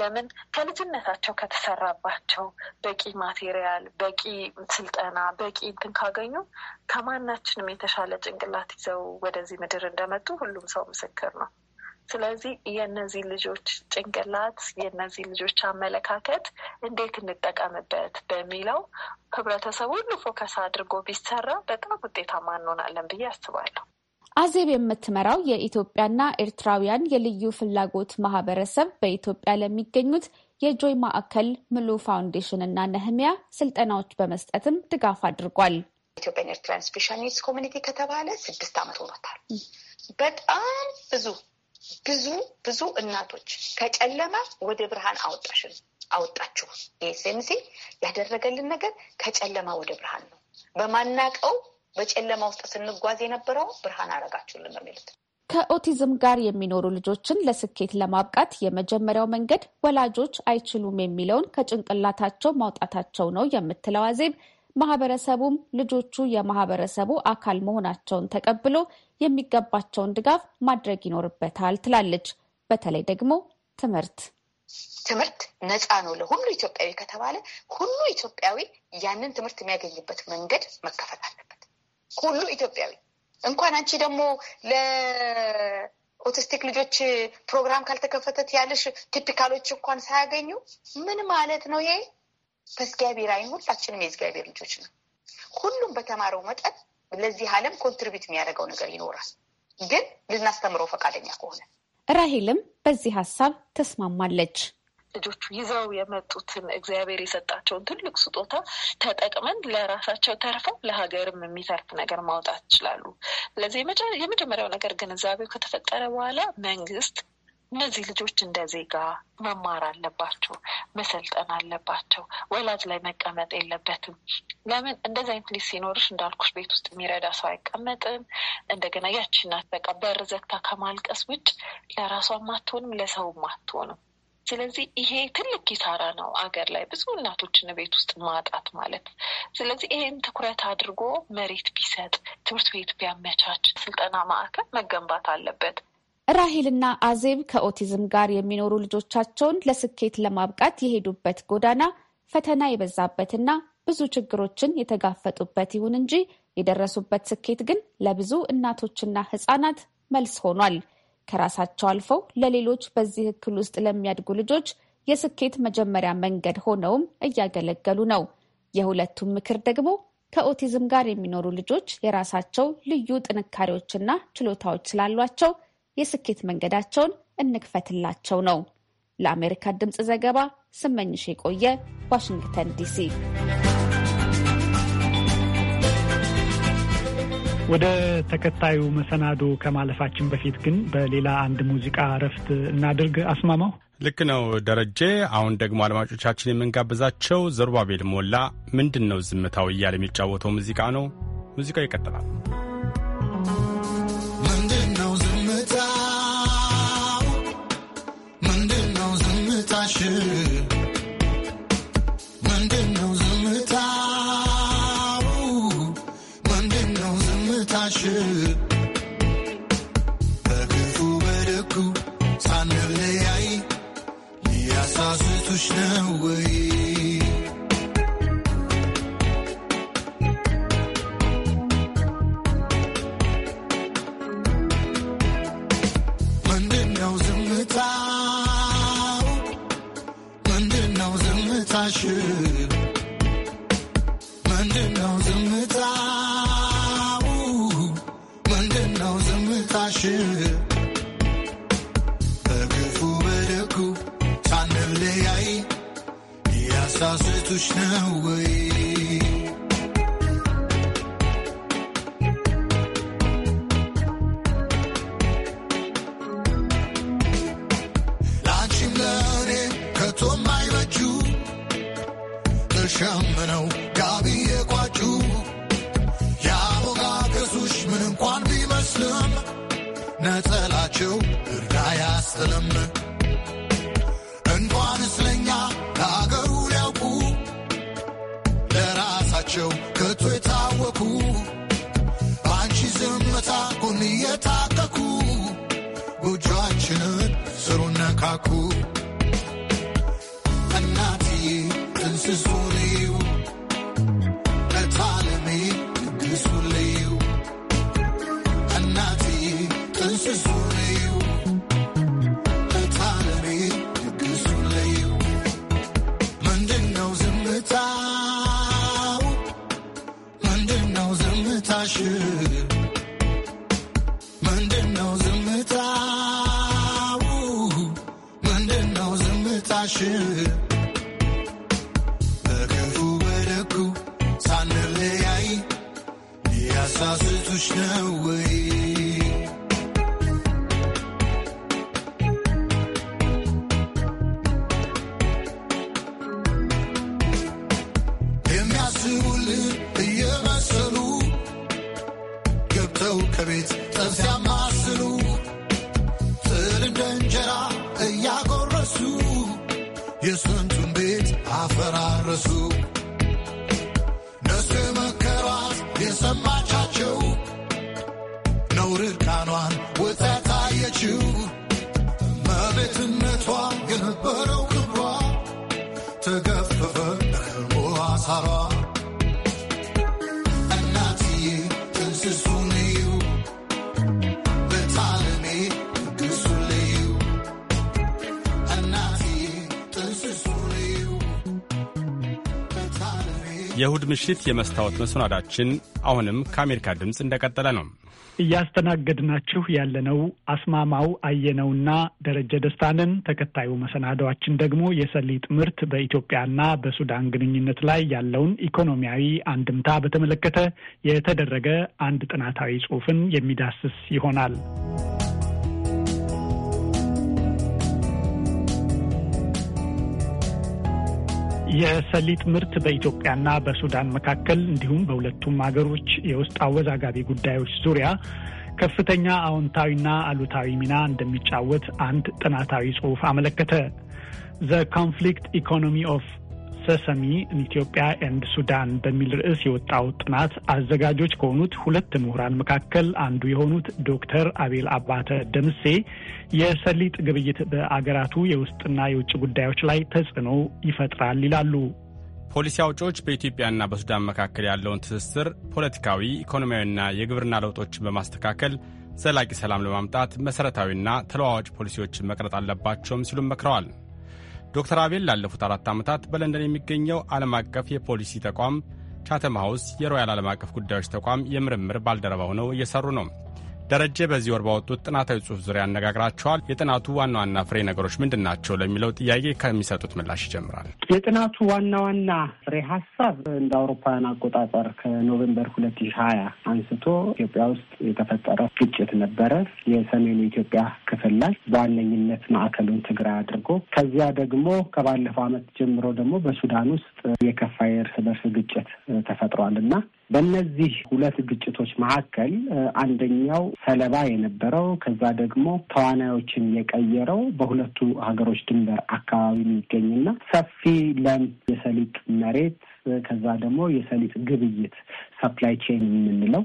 ለምን ከልጅነታቸው ከተሰራባቸው በቂ ማቴሪያል፣ በቂ ስልጠና፣ በቂ እንትን ካገኙ ከማናችንም የተሻለ ጭንቅላት ይዘው ወደዚህ ምድር እንደመጡ ሁሉም ሰው ምስክር ነው። ስለዚህ የእነዚህ ልጆች ጭንቅላት የእነዚህ ልጆች አመለካከት እንዴት እንጠቀምበት በሚለው ህብረተሰቡ ሁሉ ፎከስ አድርጎ ቢሰራ በጣም ውጤታማ እንሆናለን ብዬ አስባለሁ። አዜብ የምትመራው የኢትዮጵያና ኤርትራውያን የልዩ ፍላጎት ማህበረሰብ በኢትዮጵያ ለሚገኙት የጆይ ማዕከል ምሉ ፋውንዴሽን እና ነህሚያ ስልጠናዎች በመስጠትም ድጋፍ አድርጓል። ኢትዮጵያን ኤርትራን ስፔሻል ኒድስ ኮሚኒቲ ከተባለ ስድስት ዓመት ሆኖታል። በጣም ብዙ ብዙ ብዙ እናቶች ከጨለማ ወደ ብርሃን አወጣሽን አወጣችሁ። ኤስኤምሲ ያደረገልን ነገር ከጨለማ ወደ ብርሃን ነው። በማናቀው በጨለማ ውስጥ ስንጓዝ የነበረው ብርሃን አረጋችሁልን ነው የሚሉት። ከኦቲዝም ጋር የሚኖሩ ልጆችን ለስኬት ለማብቃት የመጀመሪያው መንገድ ወላጆች አይችሉም የሚለውን ከጭንቅላታቸው ማውጣታቸው ነው የምትለው አዜብ፣ ማህበረሰቡም ልጆቹ የማህበረሰቡ አካል መሆናቸውን ተቀብሎ የሚገባቸውን ድጋፍ ማድረግ ይኖርበታል ትላለች። በተለይ ደግሞ ትምህርት ትምህርት ነፃ ነው ለሁሉ ኢትዮጵያዊ ከተባለ ሁሉ ኢትዮጵያዊ ያንን ትምህርት የሚያገኝበት መንገድ መከፈት አለበት። ሁሉ ኢትዮጵያዊ እንኳን አንቺ ደግሞ ለኦቲስቲክ ልጆች ፕሮግራም ካልተከፈተት ያለሽ ቲፒካሎች እንኳን ሳያገኙ ምን ማለት ነው ይሄ? በእግዚአብሔር አይን ሁላችንም የእግዚአብሔር ልጆች ነው። ሁሉም በተማረው መጠን ለዚህ ዓለም ኮንትሪቢዩት የሚያደርገው ነገር ይኖራል። ግን ልናስተምረው ፈቃደኛ ከሆነ ራሄልም በዚህ ሀሳብ ተስማማለች። ልጆቹ ይዘው የመጡትን እግዚአብሔር የሰጣቸውን ትልቅ ስጦታ ተጠቅመን ለራሳቸው ተርፈው ለሀገርም የሚተርፍ ነገር ማውጣት ይችላሉ። ስለዚህ የመጀመሪያው ነገር ግንዛቤው ከተፈጠረ በኋላ መንግስት እነዚህ ልጆች እንደ ዜጋ መማር አለባቸው፣ መሰልጠን አለባቸው። ወላጅ ላይ መቀመጥ የለበትም። ለምን እንደዚህ አይነት ልጅ ሲኖርሽ እንዳልኩሽ ቤት ውስጥ የሚረዳ ሰው አይቀመጥም። እንደገና ያቺ እናት በቃ በር ዘግታ ከማልቀስ ውጭ ለራሷም አትሆንም፣ ለሰውም አትሆንም። ስለዚህ ይሄ ትልቅ ኪሳራ ነው፣ አገር ላይ ብዙ እናቶችን ቤት ውስጥ ማጣት ማለት። ስለዚህ ይሄን ትኩረት አድርጎ መሬት ቢሰጥ፣ ትምህርት ቤት ቢያመቻች፣ ስልጠና ማዕከል መገንባት አለበት። ራሂልና አዜብ ከኦቲዝም ጋር የሚኖሩ ልጆቻቸውን ለስኬት ለማብቃት የሄዱበት ጎዳና ፈተና የበዛበትና ብዙ ችግሮችን የተጋፈጡበት ይሁን እንጂ የደረሱበት ስኬት ግን ለብዙ እናቶችና ሕጻናት መልስ ሆኗል። ከራሳቸው አልፈው ለሌሎች በዚህ እክል ውስጥ ለሚያድጉ ልጆች የስኬት መጀመሪያ መንገድ ሆነውም እያገለገሉ ነው። የሁለቱም ምክር ደግሞ ከኦቲዝም ጋር የሚኖሩ ልጆች የራሳቸው ልዩ ጥንካሬዎችና ችሎታዎች ስላሏቸው የስኬት መንገዳቸውን እንክፈትላቸው ነው። ለአሜሪካ ድምፅ ዘገባ ስመኝሽ የቆየ ዋሽንግተን ዲሲ። ወደ ተከታዩ መሰናዶ ከማለፋችን በፊት ግን በሌላ አንድ ሙዚቃ እረፍት እናድርግ። አስማማው ልክ ነው ደረጀ። አሁን ደግሞ አድማጮቻችን የምንጋብዛቸው ዘሩባቤል ሞላ ምንድን ነው ዝምታው እያለ የሚጫወተው ሙዚቃ ነው። ሙዚቃው ይቀጥላል። ዝምታሽ ምንድነው? ዝምታው ምንድነው? ዝምታሽ በደጉ ሳንለያይ ያሳስቱሽ ሰው ከቤት ጠብ ሲያማስሉ የእሁድ ምሽት የመስታወት መሰናዳችን አሁንም ከአሜሪካ ድምፅ እንደቀጠለ ነው። እያስተናገድናችሁ ያለነው አስማማው አየነውና ደረጀ ደስታንን። ተከታዩ መሰናዷችን ደግሞ የሰሊጥ ምርት በኢትዮጵያና በሱዳን ግንኙነት ላይ ያለውን ኢኮኖሚያዊ አንድምታ በተመለከተ የተደረገ አንድ ጥናታዊ ጽሑፍን የሚዳስስ ይሆናል። የሰሊጥ ምርት በኢትዮጵያና በሱዳን መካከል እንዲሁም በሁለቱም ሀገሮች የውስጥ አወዛጋቢ ጉዳዮች ዙሪያ ከፍተኛ አዎንታዊና አሉታዊ ሚና እንደሚጫወት አንድ ጥናታዊ ጽሑፍ አመለከተ። ዘ ኮንፍሊክት ኢኮኖሚ ኦፍ ሰሰሚ ኢትዮጵያ ኤንድ ሱዳን በሚል ርዕስ የወጣው ጥናት አዘጋጆች ከሆኑት ሁለት ምሁራን መካከል አንዱ የሆኑት ዶክተር አቤል አባተ ደምሴ የሰሊጥ ግብይት በአገራቱ የውስጥና የውጭ ጉዳዮች ላይ ተጽዕኖ ይፈጥራል ይላሉ። ፖሊሲ አውጪዎች በኢትዮጵያና በሱዳን መካከል ያለውን ትስስር ፖለቲካዊ፣ ኢኮኖሚያዊና የግብርና ለውጦችን በማስተካከል ዘላቂ ሰላም ለማምጣት መሠረታዊና ተለዋዋጭ ፖሊሲዎችን መቅረጥ አለባቸውም ሲሉም መክረዋል። ዶክተር አቤል ላለፉት አራት ዓመታት በለንደን የሚገኘው ዓለም አቀፍ የፖሊሲ ተቋም ቻተም ሃውስ የሮያል ዓለም አቀፍ ጉዳዮች ተቋም የምርምር ባልደረባ ሆነው እየሰሩ ነው። ደረጀ በዚህ ወር ባወጡት ጥናታዊ ጽሑፍ ዙሪያ ያነጋግራቸዋል። የጥናቱ ዋና ዋና ፍሬ ነገሮች ምንድን ናቸው ለሚለው ጥያቄ ከሚሰጡት ምላሽ ይጀምራል። የጥናቱ ዋና ዋና ፍሬ ሀሳብ እንደ አውሮፓውያን አቆጣጠር ከኖቬምበር ሁለት ሺህ ሀያ አንስቶ ኢትዮጵያ ውስጥ የተፈጠረ ግጭት ነበረ። የሰሜኑ ኢትዮጵያ ክፍል ላይ በዋነኝነት ማዕከሉን ትግራይ አድርጎ ከዚያ ደግሞ ከባለፈው ዓመት ጀምሮ ደግሞ በሱዳን ውስጥ የከፋ የእርስ በርስ ግጭት ተፈጥሯል እና በእነዚህ ሁለት ግጭቶች መካከል አንደኛው ሰለባ የነበረው ከዛ ደግሞ ተዋናዮችን የቀየረው በሁለቱ ሀገሮች ድንበር አካባቢ የሚገኝና ሰፊ ለም የሰሊጥ መሬት ከዛ ደግሞ የሰሊጥ ግብይት ሰፕላይ ቼን የምንለው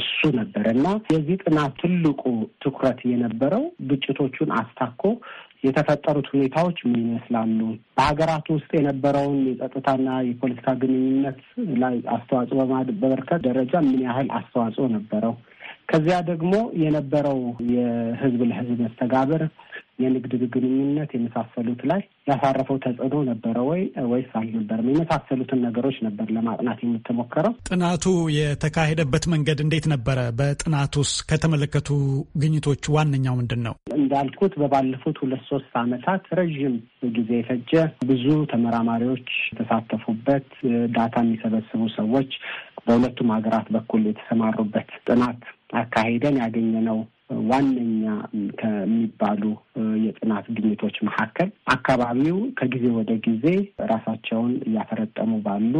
እሱ ነበር እና የዚህ ጥናት ትልቁ ትኩረት የነበረው ግጭቶቹን አስታኮ የተፈጠሩት ሁኔታዎች ምን ይመስላሉ? በሀገራት ውስጥ የነበረውን የጸጥታና የፖለቲካ ግንኙነት ላይ አስተዋጽኦ በበርከት ደረጃ ምን ያህል አስተዋጽኦ ነበረው? ከዚያ ደግሞ የነበረው የህዝብ ለህዝብ መስተጋብር፣ የንግድ ግንኙነት የመሳሰሉት ላይ ያሳረፈው ተጽዕኖ ነበረ ወይ ወይስ አልነበረም? የመሳሰሉትን ነገሮች ነበር ለማጥናት የምትሞከረው። ጥናቱ የተካሄደበት መንገድ እንዴት ነበረ? በጥናቱስ ከተመለከቱ ግኝቶች ዋነኛው ምንድን ነው? እንዳልኩት በባለፉት ሁለት ሶስት አመታት ረዥም ጊዜ የፈጀ ብዙ ተመራማሪዎች የተሳተፉበት ዳታ የሚሰበስቡ ሰዎች በሁለቱም ሀገራት በኩል የተሰማሩበት ጥናት አካሂደን ያገኘነው ዋነኛ ከሚባሉ የጥናት ግኝቶች መካከል አካባቢው ከጊዜ ወደ ጊዜ ራሳቸውን እያፈረጠሙ ባሉ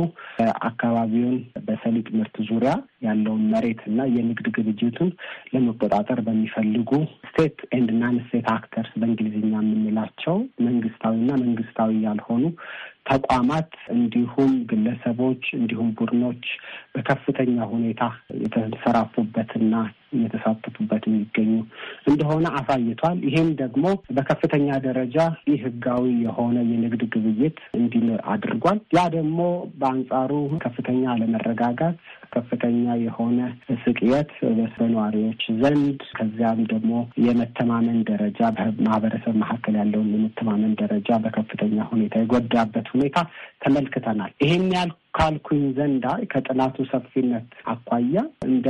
አካባቢውን በሰሊጥ ምርት ዙሪያ ያለውን መሬት እና የንግድ ግብጅቱን ለመቆጣጠር በሚፈልጉ ስቴት ኤንድ ናን ስቴት አክተርስ በእንግሊዝኛ የምንላቸው እና መንግስታዊ ያልሆኑ ተቋማት እንዲሁም ግለሰቦች እንዲሁም ቡድኖች በከፍተኛ ሁኔታ የተንሰራፉበትና እየተሳተፉበት የሚገኙ እንደሆነ አሳይቷል። ይህም ደግሞ በከፍተኛ ደረጃ ይህ ህጋዊ የሆነ የንግድ ግብይት እንዲኖር አድርጓል። ያ ደግሞ በአንጻሩ ከፍተኛ አለመረጋጋት፣ ከፍተኛ የሆነ ስቅየት በነዋሪዎች ዘንድ ከዚያም ደግሞ የመተማመን ደረጃ በማህበረሰብ መካከል ያለውን የመተማመን ደረጃ በከፍተኛ ሁኔታ የጎዳበት ሁኔታ ተመልክተናል። ይሄን ያህል ካልኩኝ ዘንዳ ከጥናቱ ሰፊነት አኳያ እንደ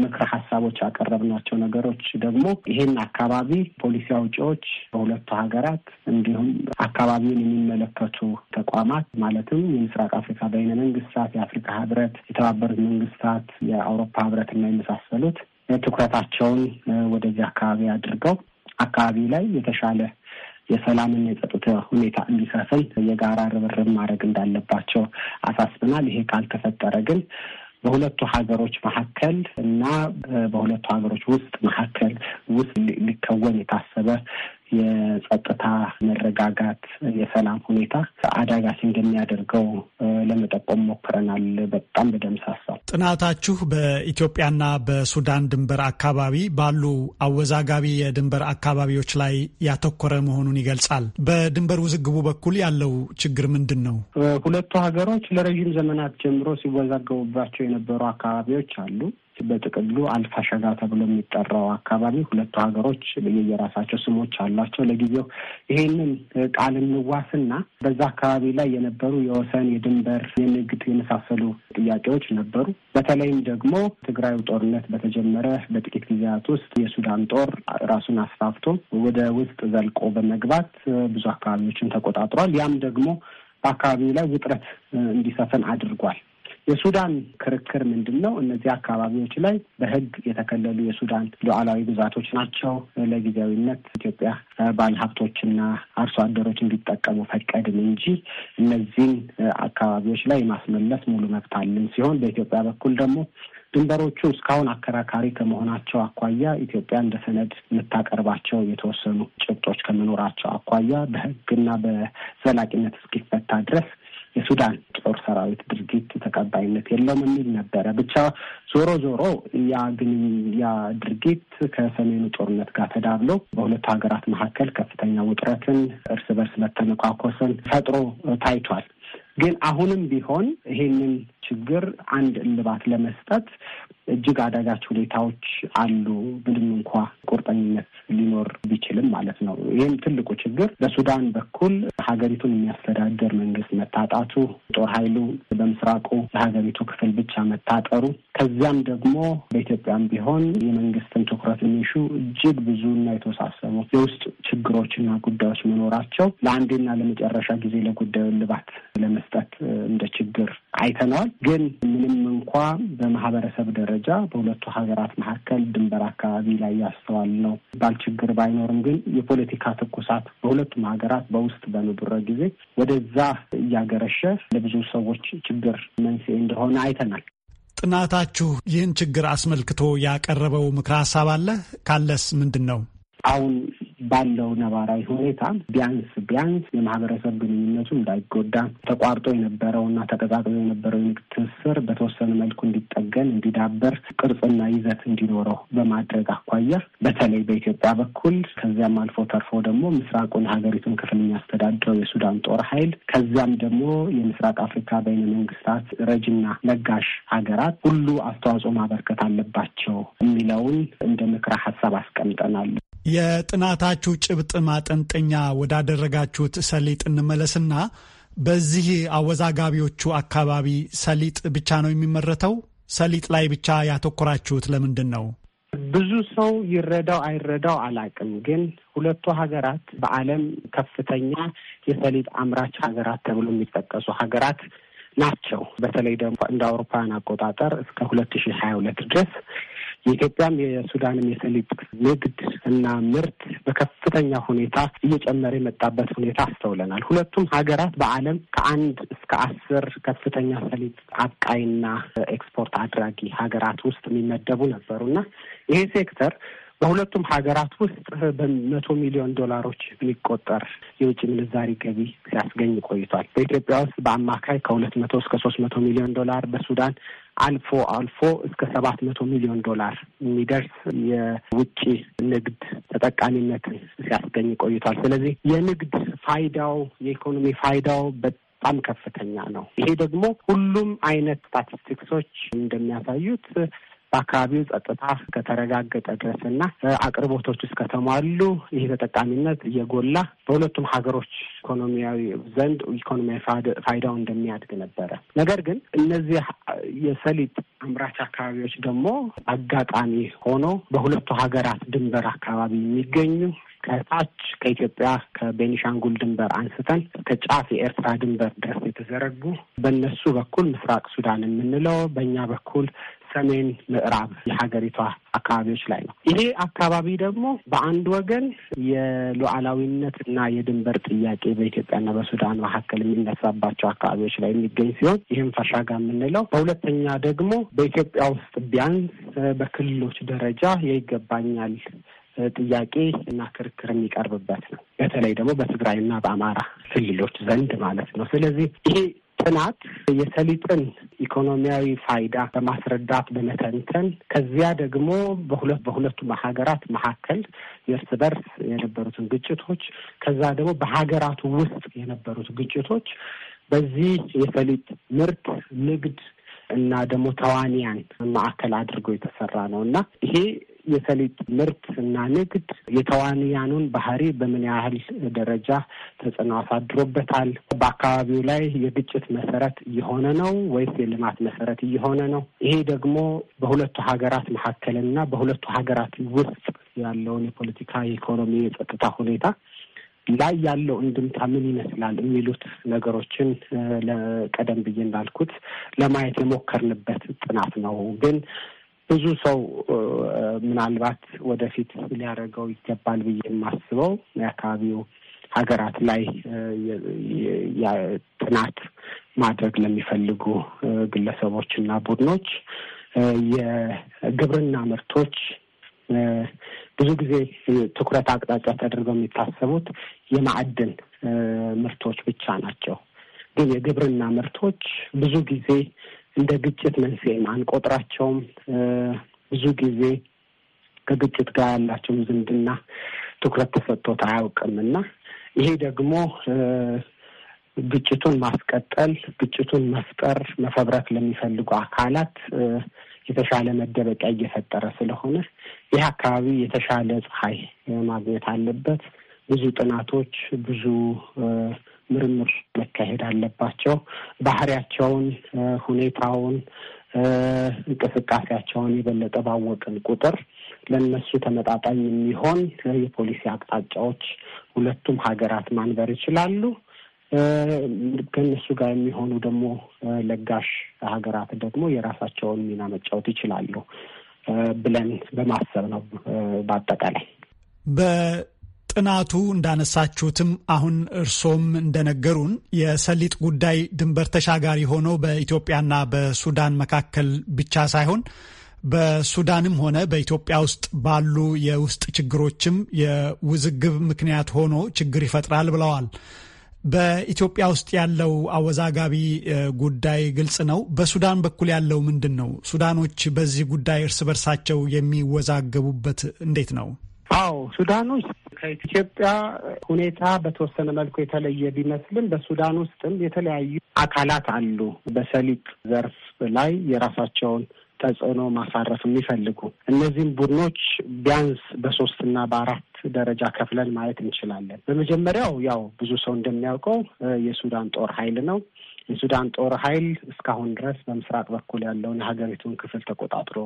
ምክረ ሀሳቦች ያቀረብናቸው ነገሮች ደግሞ ይሄን አካባቢ ፖሊሲ አውጪዎች በሁለቱ ሀገራት እንዲሁም አካባቢውን የሚመለከቱ ተቋማት ማለትም የምስራቅ አፍሪካ በይነ መንግስታት፣ የአፍሪካ ህብረት፣ የተባበሩት መንግስታት፣ የአውሮፓ ህብረት እና የመሳሰሉት ትኩረታቸውን ወደዚህ አካባቢ አድርገው አካባቢ ላይ የተሻለ የሰላምና የጸጥታ ሁኔታ እንዲሰፍን የጋራ ርብርብ ማድረግ እንዳለባቸው አሳስበናል። ይሄ ካልተፈጠረ ግን በሁለቱ ሀገሮች መካከል እና በሁለቱ ሀገሮች ውስጥ መካከል ውስጥ ሊከወን የታሰበ የጸጥታ መረጋጋት፣ የሰላም ሁኔታ አዳጋች እንደሚያደርገው ለመጠቆም ሞክረናል። በጣም በደምሳሳው ጥናታችሁ በኢትዮጵያና በሱዳን ድንበር አካባቢ ባሉ አወዛጋቢ የድንበር አካባቢዎች ላይ ያተኮረ መሆኑን ይገልጻል። በድንበር ውዝግቡ በኩል ያለው ችግር ምንድን ነው? ሁለቱ ሀገሮች ለረዥም ዘመናት ጀምሮ ሲወዛገቡባቸው የነበሩ አካባቢዎች አሉ። በጥቅሉ አልፋሸጋ ተብሎ የሚጠራው አካባቢ ሁለቱ ሀገሮች የየራሳቸው ስሞች አሏቸው። ለጊዜው ይሄንን ቃል እንዋስና በዛ አካባቢ ላይ የነበሩ የወሰን፣ የድንበር፣ የንግድ የመሳሰሉ ጥያቄዎች ነበሩ። በተለይም ደግሞ ትግራዩ ጦርነት በተጀመረ በጥቂት ጊዜያት ውስጥ የሱዳን ጦር ራሱን አስፋፍቶ ወደ ውስጥ ዘልቆ በመግባት ብዙ አካባቢዎችን ተቆጣጥሯል። ያም ደግሞ በአካባቢው ላይ ውጥረት እንዲሰፍን አድርጓል። የሱዳን ክርክር ምንድን ነው? እነዚህ አካባቢዎች ላይ በህግ የተከለሉ የሱዳን ሉዓላዊ ግዛቶች ናቸው። ለጊዜያዊነት ኢትዮጵያ ባለሀብቶችና ሀብቶችና አርሶ አደሮች እንዲጠቀሙ ፈቀድን እንጂ እነዚህን አካባቢዎች ላይ ማስመለስ ሙሉ መብት አለን ሲሆን በኢትዮጵያ በኩል ደግሞ ድንበሮቹ እስካሁን አከራካሪ ከመሆናቸው አኳያ ኢትዮጵያ እንደ ሰነድ የምታቀርባቸው የተወሰኑ ጭብጦች ከመኖራቸው አኳያ በህግና በዘላቂነት እስኪፈታ ድረስ የሱዳን ጦር ሰራዊት ድርጊት ተቀባይነት የለውም የሚል ነበረ። ብቻ ዞሮ ዞሮ ያ ግን ያ ድርጊት ከሰሜኑ ጦርነት ጋር ተዳብሎ በሁለቱ ሀገራት መካከል ከፍተኛ ውጥረትን፣ እርስ በርስ መተነቋኮሰን ፈጥሮ ታይቷል። ግን አሁንም ቢሆን ይሄንን ችግር አንድ እልባት ለመስጠት እጅግ አዳጋች ሁኔታዎች አሉ፣ ምንም እንኳ ቁርጠኝነት ሊኖር ቢችልም ማለት ነው። ይህም ትልቁ ችግር በሱዳን በኩል ሀገሪቱን የሚያስተዳድር መንግስት መታጣቱ፣ ጦር ኃይሉ በምስራቁ የሀገሪቱ ክፍል ብቻ መታጠሩ፣ ከዚያም ደግሞ በኢትዮጵያም ቢሆን የመንግስትን ትኩረት የሚሹ እጅግ ብዙ እና የተወሳሰቡ የውስጥ ችግሮችና ጉዳዮች መኖራቸው ለአንዴና ለመጨረሻ ጊዜ ለጉዳዩ እልባት ለመስጠት እንደ ችግር አይተነዋል። ግን ምንም እንኳ በማህበረሰብ ደረጃ በሁለቱ ሀገራት መካከል ድንበር አካባቢ ላይ ያስተዋል ነው ባል ችግር ባይኖርም ግን የፖለቲካ ትኩሳት በሁለቱም ሀገራት በውስጥ በነበረ ጊዜ ወደዛ እያገረሸ ለብዙ ሰዎች ችግር መንስኤ እንደሆነ አይተናል። ጥናታችሁ ይህን ችግር አስመልክቶ ያቀረበው ምክረ ሀሳብ አለ? ካለስ ምንድን ነው? አሁን ባለው ነባራዊ ሁኔታ ቢያንስ ቢያንስ የማህበረሰብ ግንኙነቱ እንዳይጎዳ ተቋርጦ የነበረውና ተቀዛቅዞ የነበረው የንግድ ትስስር በተወሰነ መልኩ እንዲጠገን፣ እንዲዳበር፣ ቅርጽና ይዘት እንዲኖረው በማድረግ አኳያ በተለይ በኢትዮጵያ በኩል ከዚያም አልፎ ተርፎ ደግሞ ምስራቁን ሀገሪቱን ክፍል የሚያስተዳድረው የሱዳን ጦር ኃይል ከዚያም ደግሞ የምስራቅ አፍሪካ በይነ መንግስታት ረጅና ለጋሽ ሀገራት ሁሉ አስተዋጽኦ ማበርከት አለባቸው የሚለውን እንደ ምክረ ሀሳብ አስቀምጠናል። የጥናታችሁ ጭብጥ ማጠንጠኛ ወዳደረጋችሁት ሰሊጥ እንመለስና በዚህ አወዛጋቢዎቹ አካባቢ ሰሊጥ ብቻ ነው የሚመረተው? ሰሊጥ ላይ ብቻ ያተኮራችሁት ለምንድን ነው? ብዙ ሰው ይረዳው አይረዳው አላቅም ግን ሁለቱ ሀገራት በዓለም ከፍተኛ የሰሊጥ አምራች ሀገራት ተብሎ የሚጠቀሱ ሀገራት ናቸው። በተለይ ደግሞ እንደ አውሮፓውያን አቆጣጠር እስከ ሁለት ሺህ ሀያ ሁለት ድረስ የኢትዮጵያም የሱዳንም የሰሊጥ ንግድ እና ምርት በከፍተኛ ሁኔታ እየጨመረ የመጣበት ሁኔታ አስተውለናል። ሁለቱም ሀገራት በዓለም ከአንድ እስከ አስር ከፍተኛ ሰሊጥ አብቃይና ኤክስፖርት አድራጊ ሀገራት ውስጥ የሚመደቡ ነበሩ እና ይሄ ሴክተር በሁለቱም ሀገራት ውስጥ በመቶ ሚሊዮን ዶላሮች የሚቆጠር የውጭ ምንዛሪ ገቢ ሲያስገኝ ቆይቷል። በኢትዮጵያ ውስጥ በአማካይ ከሁለት መቶ እስከ ሶስት መቶ ሚሊዮን ዶላር፣ በሱዳን አልፎ አልፎ እስከ ሰባት መቶ ሚሊዮን ዶላር የሚደርስ የውጭ ንግድ ተጠቃሚነትን ሲያስገኝ ቆይቷል። ስለዚህ የንግድ ፋይዳው የኢኮኖሚ ፋይዳው በጣም ከፍተኛ ነው። ይሄ ደግሞ ሁሉም አይነት ስታቲስቲክሶች እንደሚያሳዩት በአካባቢው ጸጥታ ከተረጋገጠ ድረስ ድረስና አቅርቦቶች እስከተሟሉ ይህ ተጠቃሚነት እየጎላ በሁለቱም ሀገሮች ኢኮኖሚያዊ ዘንድ ኢኮኖሚያዊ ፋይዳው እንደሚያድግ ነበረ። ነገር ግን እነዚህ የሰሊጥ አምራች አካባቢዎች ደግሞ አጋጣሚ ሆኖ በሁለቱ ሀገራት ድንበር አካባቢ የሚገኙ ከታች ከኢትዮጵያ ከቤኒሻንጉል ድንበር አንስተን ከጫፍ የኤርትራ ድንበር ድረስ የተዘረጉ በእነሱ በኩል ምስራቅ ሱዳን የምንለው በእኛ በኩል ሰሜን ምዕራብ የሀገሪቷ አካባቢዎች ላይ ነው። ይሄ አካባቢ ደግሞ በአንድ ወገን የሉዓላዊነት እና የድንበር ጥያቄ በኢትዮጵያና በሱዳን መካከል የሚነሳባቸው አካባቢዎች ላይ የሚገኝ ሲሆን ይህም ፈሻጋ የምንለው፣ በሁለተኛ ደግሞ በኢትዮጵያ ውስጥ ቢያንስ በክልሎች ደረጃ የይገባኛል ጥያቄ እና ክርክር የሚቀርብበት ነው። በተለይ ደግሞ በትግራይና በአማራ ክልሎች ዘንድ ማለት ነው። ስለዚህ ይሄ ጥናት የሰሊጥን ኢኮኖሚያዊ ፋይዳ በማስረዳት በመተንተን ከዚያ ደግሞ በሁለት በሁለቱም ሀገራት መካከል የእርስ በርስ የነበሩትን ግጭቶች ከዛ ደግሞ በሀገራቱ ውስጥ የነበሩት ግጭቶች በዚህ የሰሊጥ ምርት ንግድ እና ደግሞ ተዋንያን ማዕከል አድርጎ የተሰራ ነው እና ይሄ የሰሊጥ ምርት እና ንግድ የተዋንያኑን ባህሪ በምን ያህል ደረጃ ተጽዕኖ አሳድሮበታል? በአካባቢው ላይ የግጭት መሰረት እየሆነ ነው ወይስ የልማት መሰረት እየሆነ ነው? ይሄ ደግሞ በሁለቱ ሀገራት መካከልና በሁለቱ ሀገራት ውስጥ ያለውን የፖለቲካ፣ የኢኮኖሚ፣ የጸጥታ ሁኔታ ላይ ያለው እንድምታ ምን ይመስላል የሚሉት ነገሮችን ቀደም ብዬ እንዳልኩት ለማየት የሞከርንበት ጥናት ነው። ግን ብዙ ሰው ምናልባት ወደፊት ሊያደርገው ይገባል ብዬ የማስበው የአካባቢው ሀገራት ላይ ጥናት ማድረግ ለሚፈልጉ ግለሰቦች እና ቡድኖች የግብርና ምርቶች ብዙ ጊዜ ትኩረት አቅጣጫ ተደርገው የሚታሰቡት የማዕድን ምርቶች ብቻ ናቸው። ግን የግብርና ምርቶች ብዙ ጊዜ እንደ ግጭት መንስኤም አንቆጥራቸውም። ብዙ ጊዜ ከግጭት ጋር ያላቸውም ዝምድና ትኩረት ተሰጥቶት አያውቅም እና ይሄ ደግሞ ግጭቱን ማስቀጠል፣ ግጭቱን መፍጠር፣ መፈብረክ ለሚፈልጉ አካላት የተሻለ መደበቂያ እየፈጠረ ስለሆነ ይህ አካባቢ የተሻለ ፀሐይ ማግኘት አለበት። ብዙ ጥናቶች ብዙ ምርምር መካሄድ አለባቸው። ባህሪያቸውን፣ ሁኔታውን፣ እንቅስቃሴያቸውን የበለጠ ባወቅን ቁጥር ለነሱ ተመጣጣኝ የሚሆን የፖሊሲ አቅጣጫዎች ሁለቱም ሀገራት ማንበር ይችላሉ። ከእነሱ ጋር የሚሆኑ ደግሞ ለጋሽ ሀገራት ደግሞ የራሳቸውን ሚና መጫወት ይችላሉ ብለን በማሰብ ነው በአጠቃላይ ጥናቱ እንዳነሳችሁትም አሁን እርሶም እንደነገሩን የሰሊጥ ጉዳይ ድንበር ተሻጋሪ ሆኖ በኢትዮጵያና በሱዳን መካከል ብቻ ሳይሆን በሱዳንም ሆነ በኢትዮጵያ ውስጥ ባሉ የውስጥ ችግሮችም የውዝግብ ምክንያት ሆኖ ችግር ይፈጥራል ብለዋል። በኢትዮጵያ ውስጥ ያለው አወዛጋቢ ጉዳይ ግልጽ ነው። በሱዳን በኩል ያለው ምንድን ነው? ሱዳኖች በዚህ ጉዳይ እርስ በርሳቸው የሚወዛገቡበት እንዴት ነው? አዎ ሱዳኖች ከኢትዮጵያ ሁኔታ በተወሰነ መልኩ የተለየ ቢመስልም በሱዳን ውስጥም የተለያዩ አካላት አሉ በሰሊጥ ዘርፍ ላይ የራሳቸውን ተጽዕኖ ማሳረፍ የሚፈልጉ እነዚህም ቡድኖች ቢያንስ በሶስትና በአራት ደረጃ ከፍለን ማየት እንችላለን። በመጀመሪያው ያው ብዙ ሰው እንደሚያውቀው የሱዳን ጦር ኃይል ነው። የሱዳን ጦር ኃይል እስካሁን ድረስ በምስራቅ በኩል ያለውን የሀገሪቱን ክፍል ተቆጣጥሮ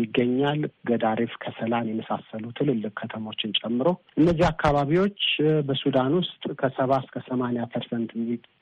ይገኛል። ገዳሪፍ፣ ከሰላን የመሳሰሉ ትልልቅ ከተሞችን ጨምሮ እነዚህ አካባቢዎች በሱዳን ውስጥ ከሰባ እስከ ሰማንያ ፐርሰንት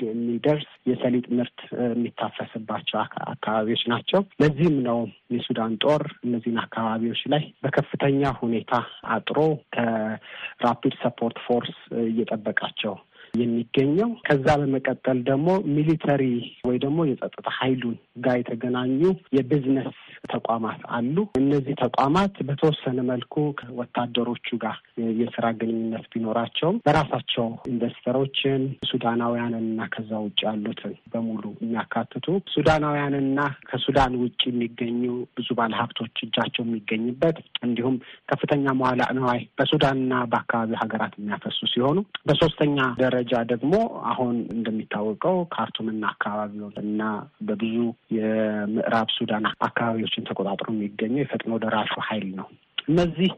የሚደርስ የሰሊጥ ምርት የሚታፈስባቸው አካባቢዎች ናቸው። ለዚህም ነው የሱዳን ጦር እነዚህን አካባቢዎች ላይ በከፍተኛ ሁኔታ አጥሮ ከራፒድ ሰፖርት ፎርስ እየጠበቃቸው የሚገኘው። ከዛ በመቀጠል ደግሞ ሚሊተሪ ወይ ደግሞ የጸጥታ ኃይሉን ጋር የተገናኙ የቢዝነስ ተቋማት አሉ። እነዚህ ተቋማት በተወሰነ መልኩ ከወታደሮቹ ጋር የስራ ግንኙነት ቢኖራቸውም በራሳቸው ኢንቨስተሮችን ሱዳናውያንንና ከዛ ውጭ ያሉትን በሙሉ የሚያካትቱ ሱዳናውያንና ከሱዳን ውጭ የሚገኙ ብዙ ባለሀብቶች እጃቸው የሚገኝበት እንዲሁም ከፍተኛ መዋላ ንዋይ በሱዳንና በአካባቢ ሀገራት የሚያፈሱ ሲሆኑ በሶስተኛ ደረ ደረጃ ደግሞ አሁን እንደሚታወቀው ካርቱምና አካባቢውን እና በብዙ የምዕራብ ሱዳን አካባቢዎችን ተቆጣጥሮ የሚገኘው የፈጥኖ ደራሹ ኃይል ነው። እነዚህ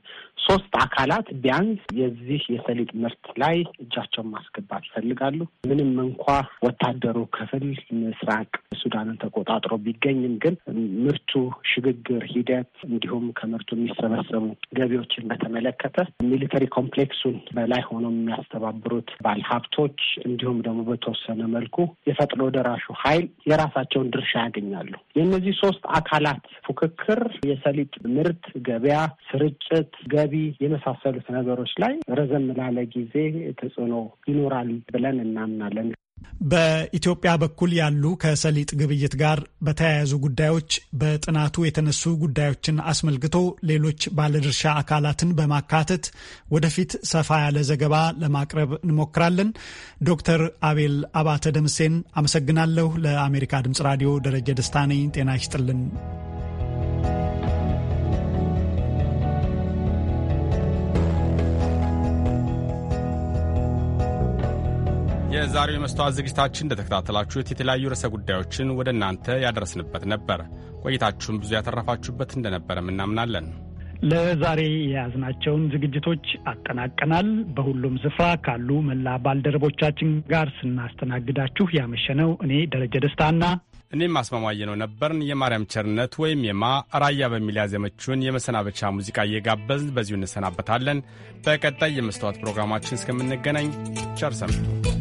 ሶስት አካላት ቢያንስ የዚህ የሰሊጥ ምርት ላይ እጃቸውን ማስገባት ይፈልጋሉ። ምንም እንኳ ወታደሩ ክፍል ምስራቅ ሱዳንን ተቆጣጥሮ ቢገኝም ግን ምርቱ ሽግግር ሂደት እንዲሁም ከምርቱ የሚሰበሰቡ ገቢዎችን በተመለከተ ሚሊተሪ ኮምፕሌክሱን በላይ ሆኖ የሚያስተባብሩት ባለሀብቶች እንዲሁም ደግሞ በተወሰነ መልኩ የፈጥኖ ደራሹ ኃይል የራሳቸውን ድርሻ ያገኛሉ። የእነዚህ ሶስት አካላት ፉክክር የሰሊጥ ምርት ገበያ ስርጭት ገቢ የመሳሰሉት ነገሮች ላይ ረዘም ላለ ጊዜ ተጽዕኖ ይኖራል ብለን እናምናለን። በኢትዮጵያ በኩል ያሉ ከሰሊጥ ግብይት ጋር በተያያዙ ጉዳዮች በጥናቱ የተነሱ ጉዳዮችን አስመልክቶ ሌሎች ባለድርሻ አካላትን በማካተት ወደፊት ሰፋ ያለ ዘገባ ለማቅረብ እንሞክራለን። ዶክተር አቤል አባተ ደምሴን አመሰግናለሁ። ለአሜሪካ ድምጽ ራዲዮ ደረጀ ደስታ ነኝ። ጤና ይስጥልን። የዛሬው የመስተዋት ዝግጅታችን እንደተከታተላችሁት የተለያዩ ርዕሰ ጉዳዮችን ወደ እናንተ ያደረስንበት ነበር። ቆይታችሁን ብዙ ያተረፋችሁበት እንደነበረም እናምናለን። ለዛሬ የያዝናቸውን ዝግጅቶች አጠናቀናል። በሁሉም ስፍራ ካሉ መላ ባልደረቦቻችን ጋር ስናስተናግዳችሁ ያመሸነው እኔ ደረጀ ደስታና እኔም አስማማየ ነው ነበርን። የማርያም ቸርነት ወይም የማ ራያ በሚል ያዘመችውን የመሰናበቻ ሙዚቃ እየጋበዝን በዚሁ እንሰናበታለን። በቀጣይ የመስተዋት ፕሮግራማችን እስከምንገናኝ ቸር ሰንብቱ።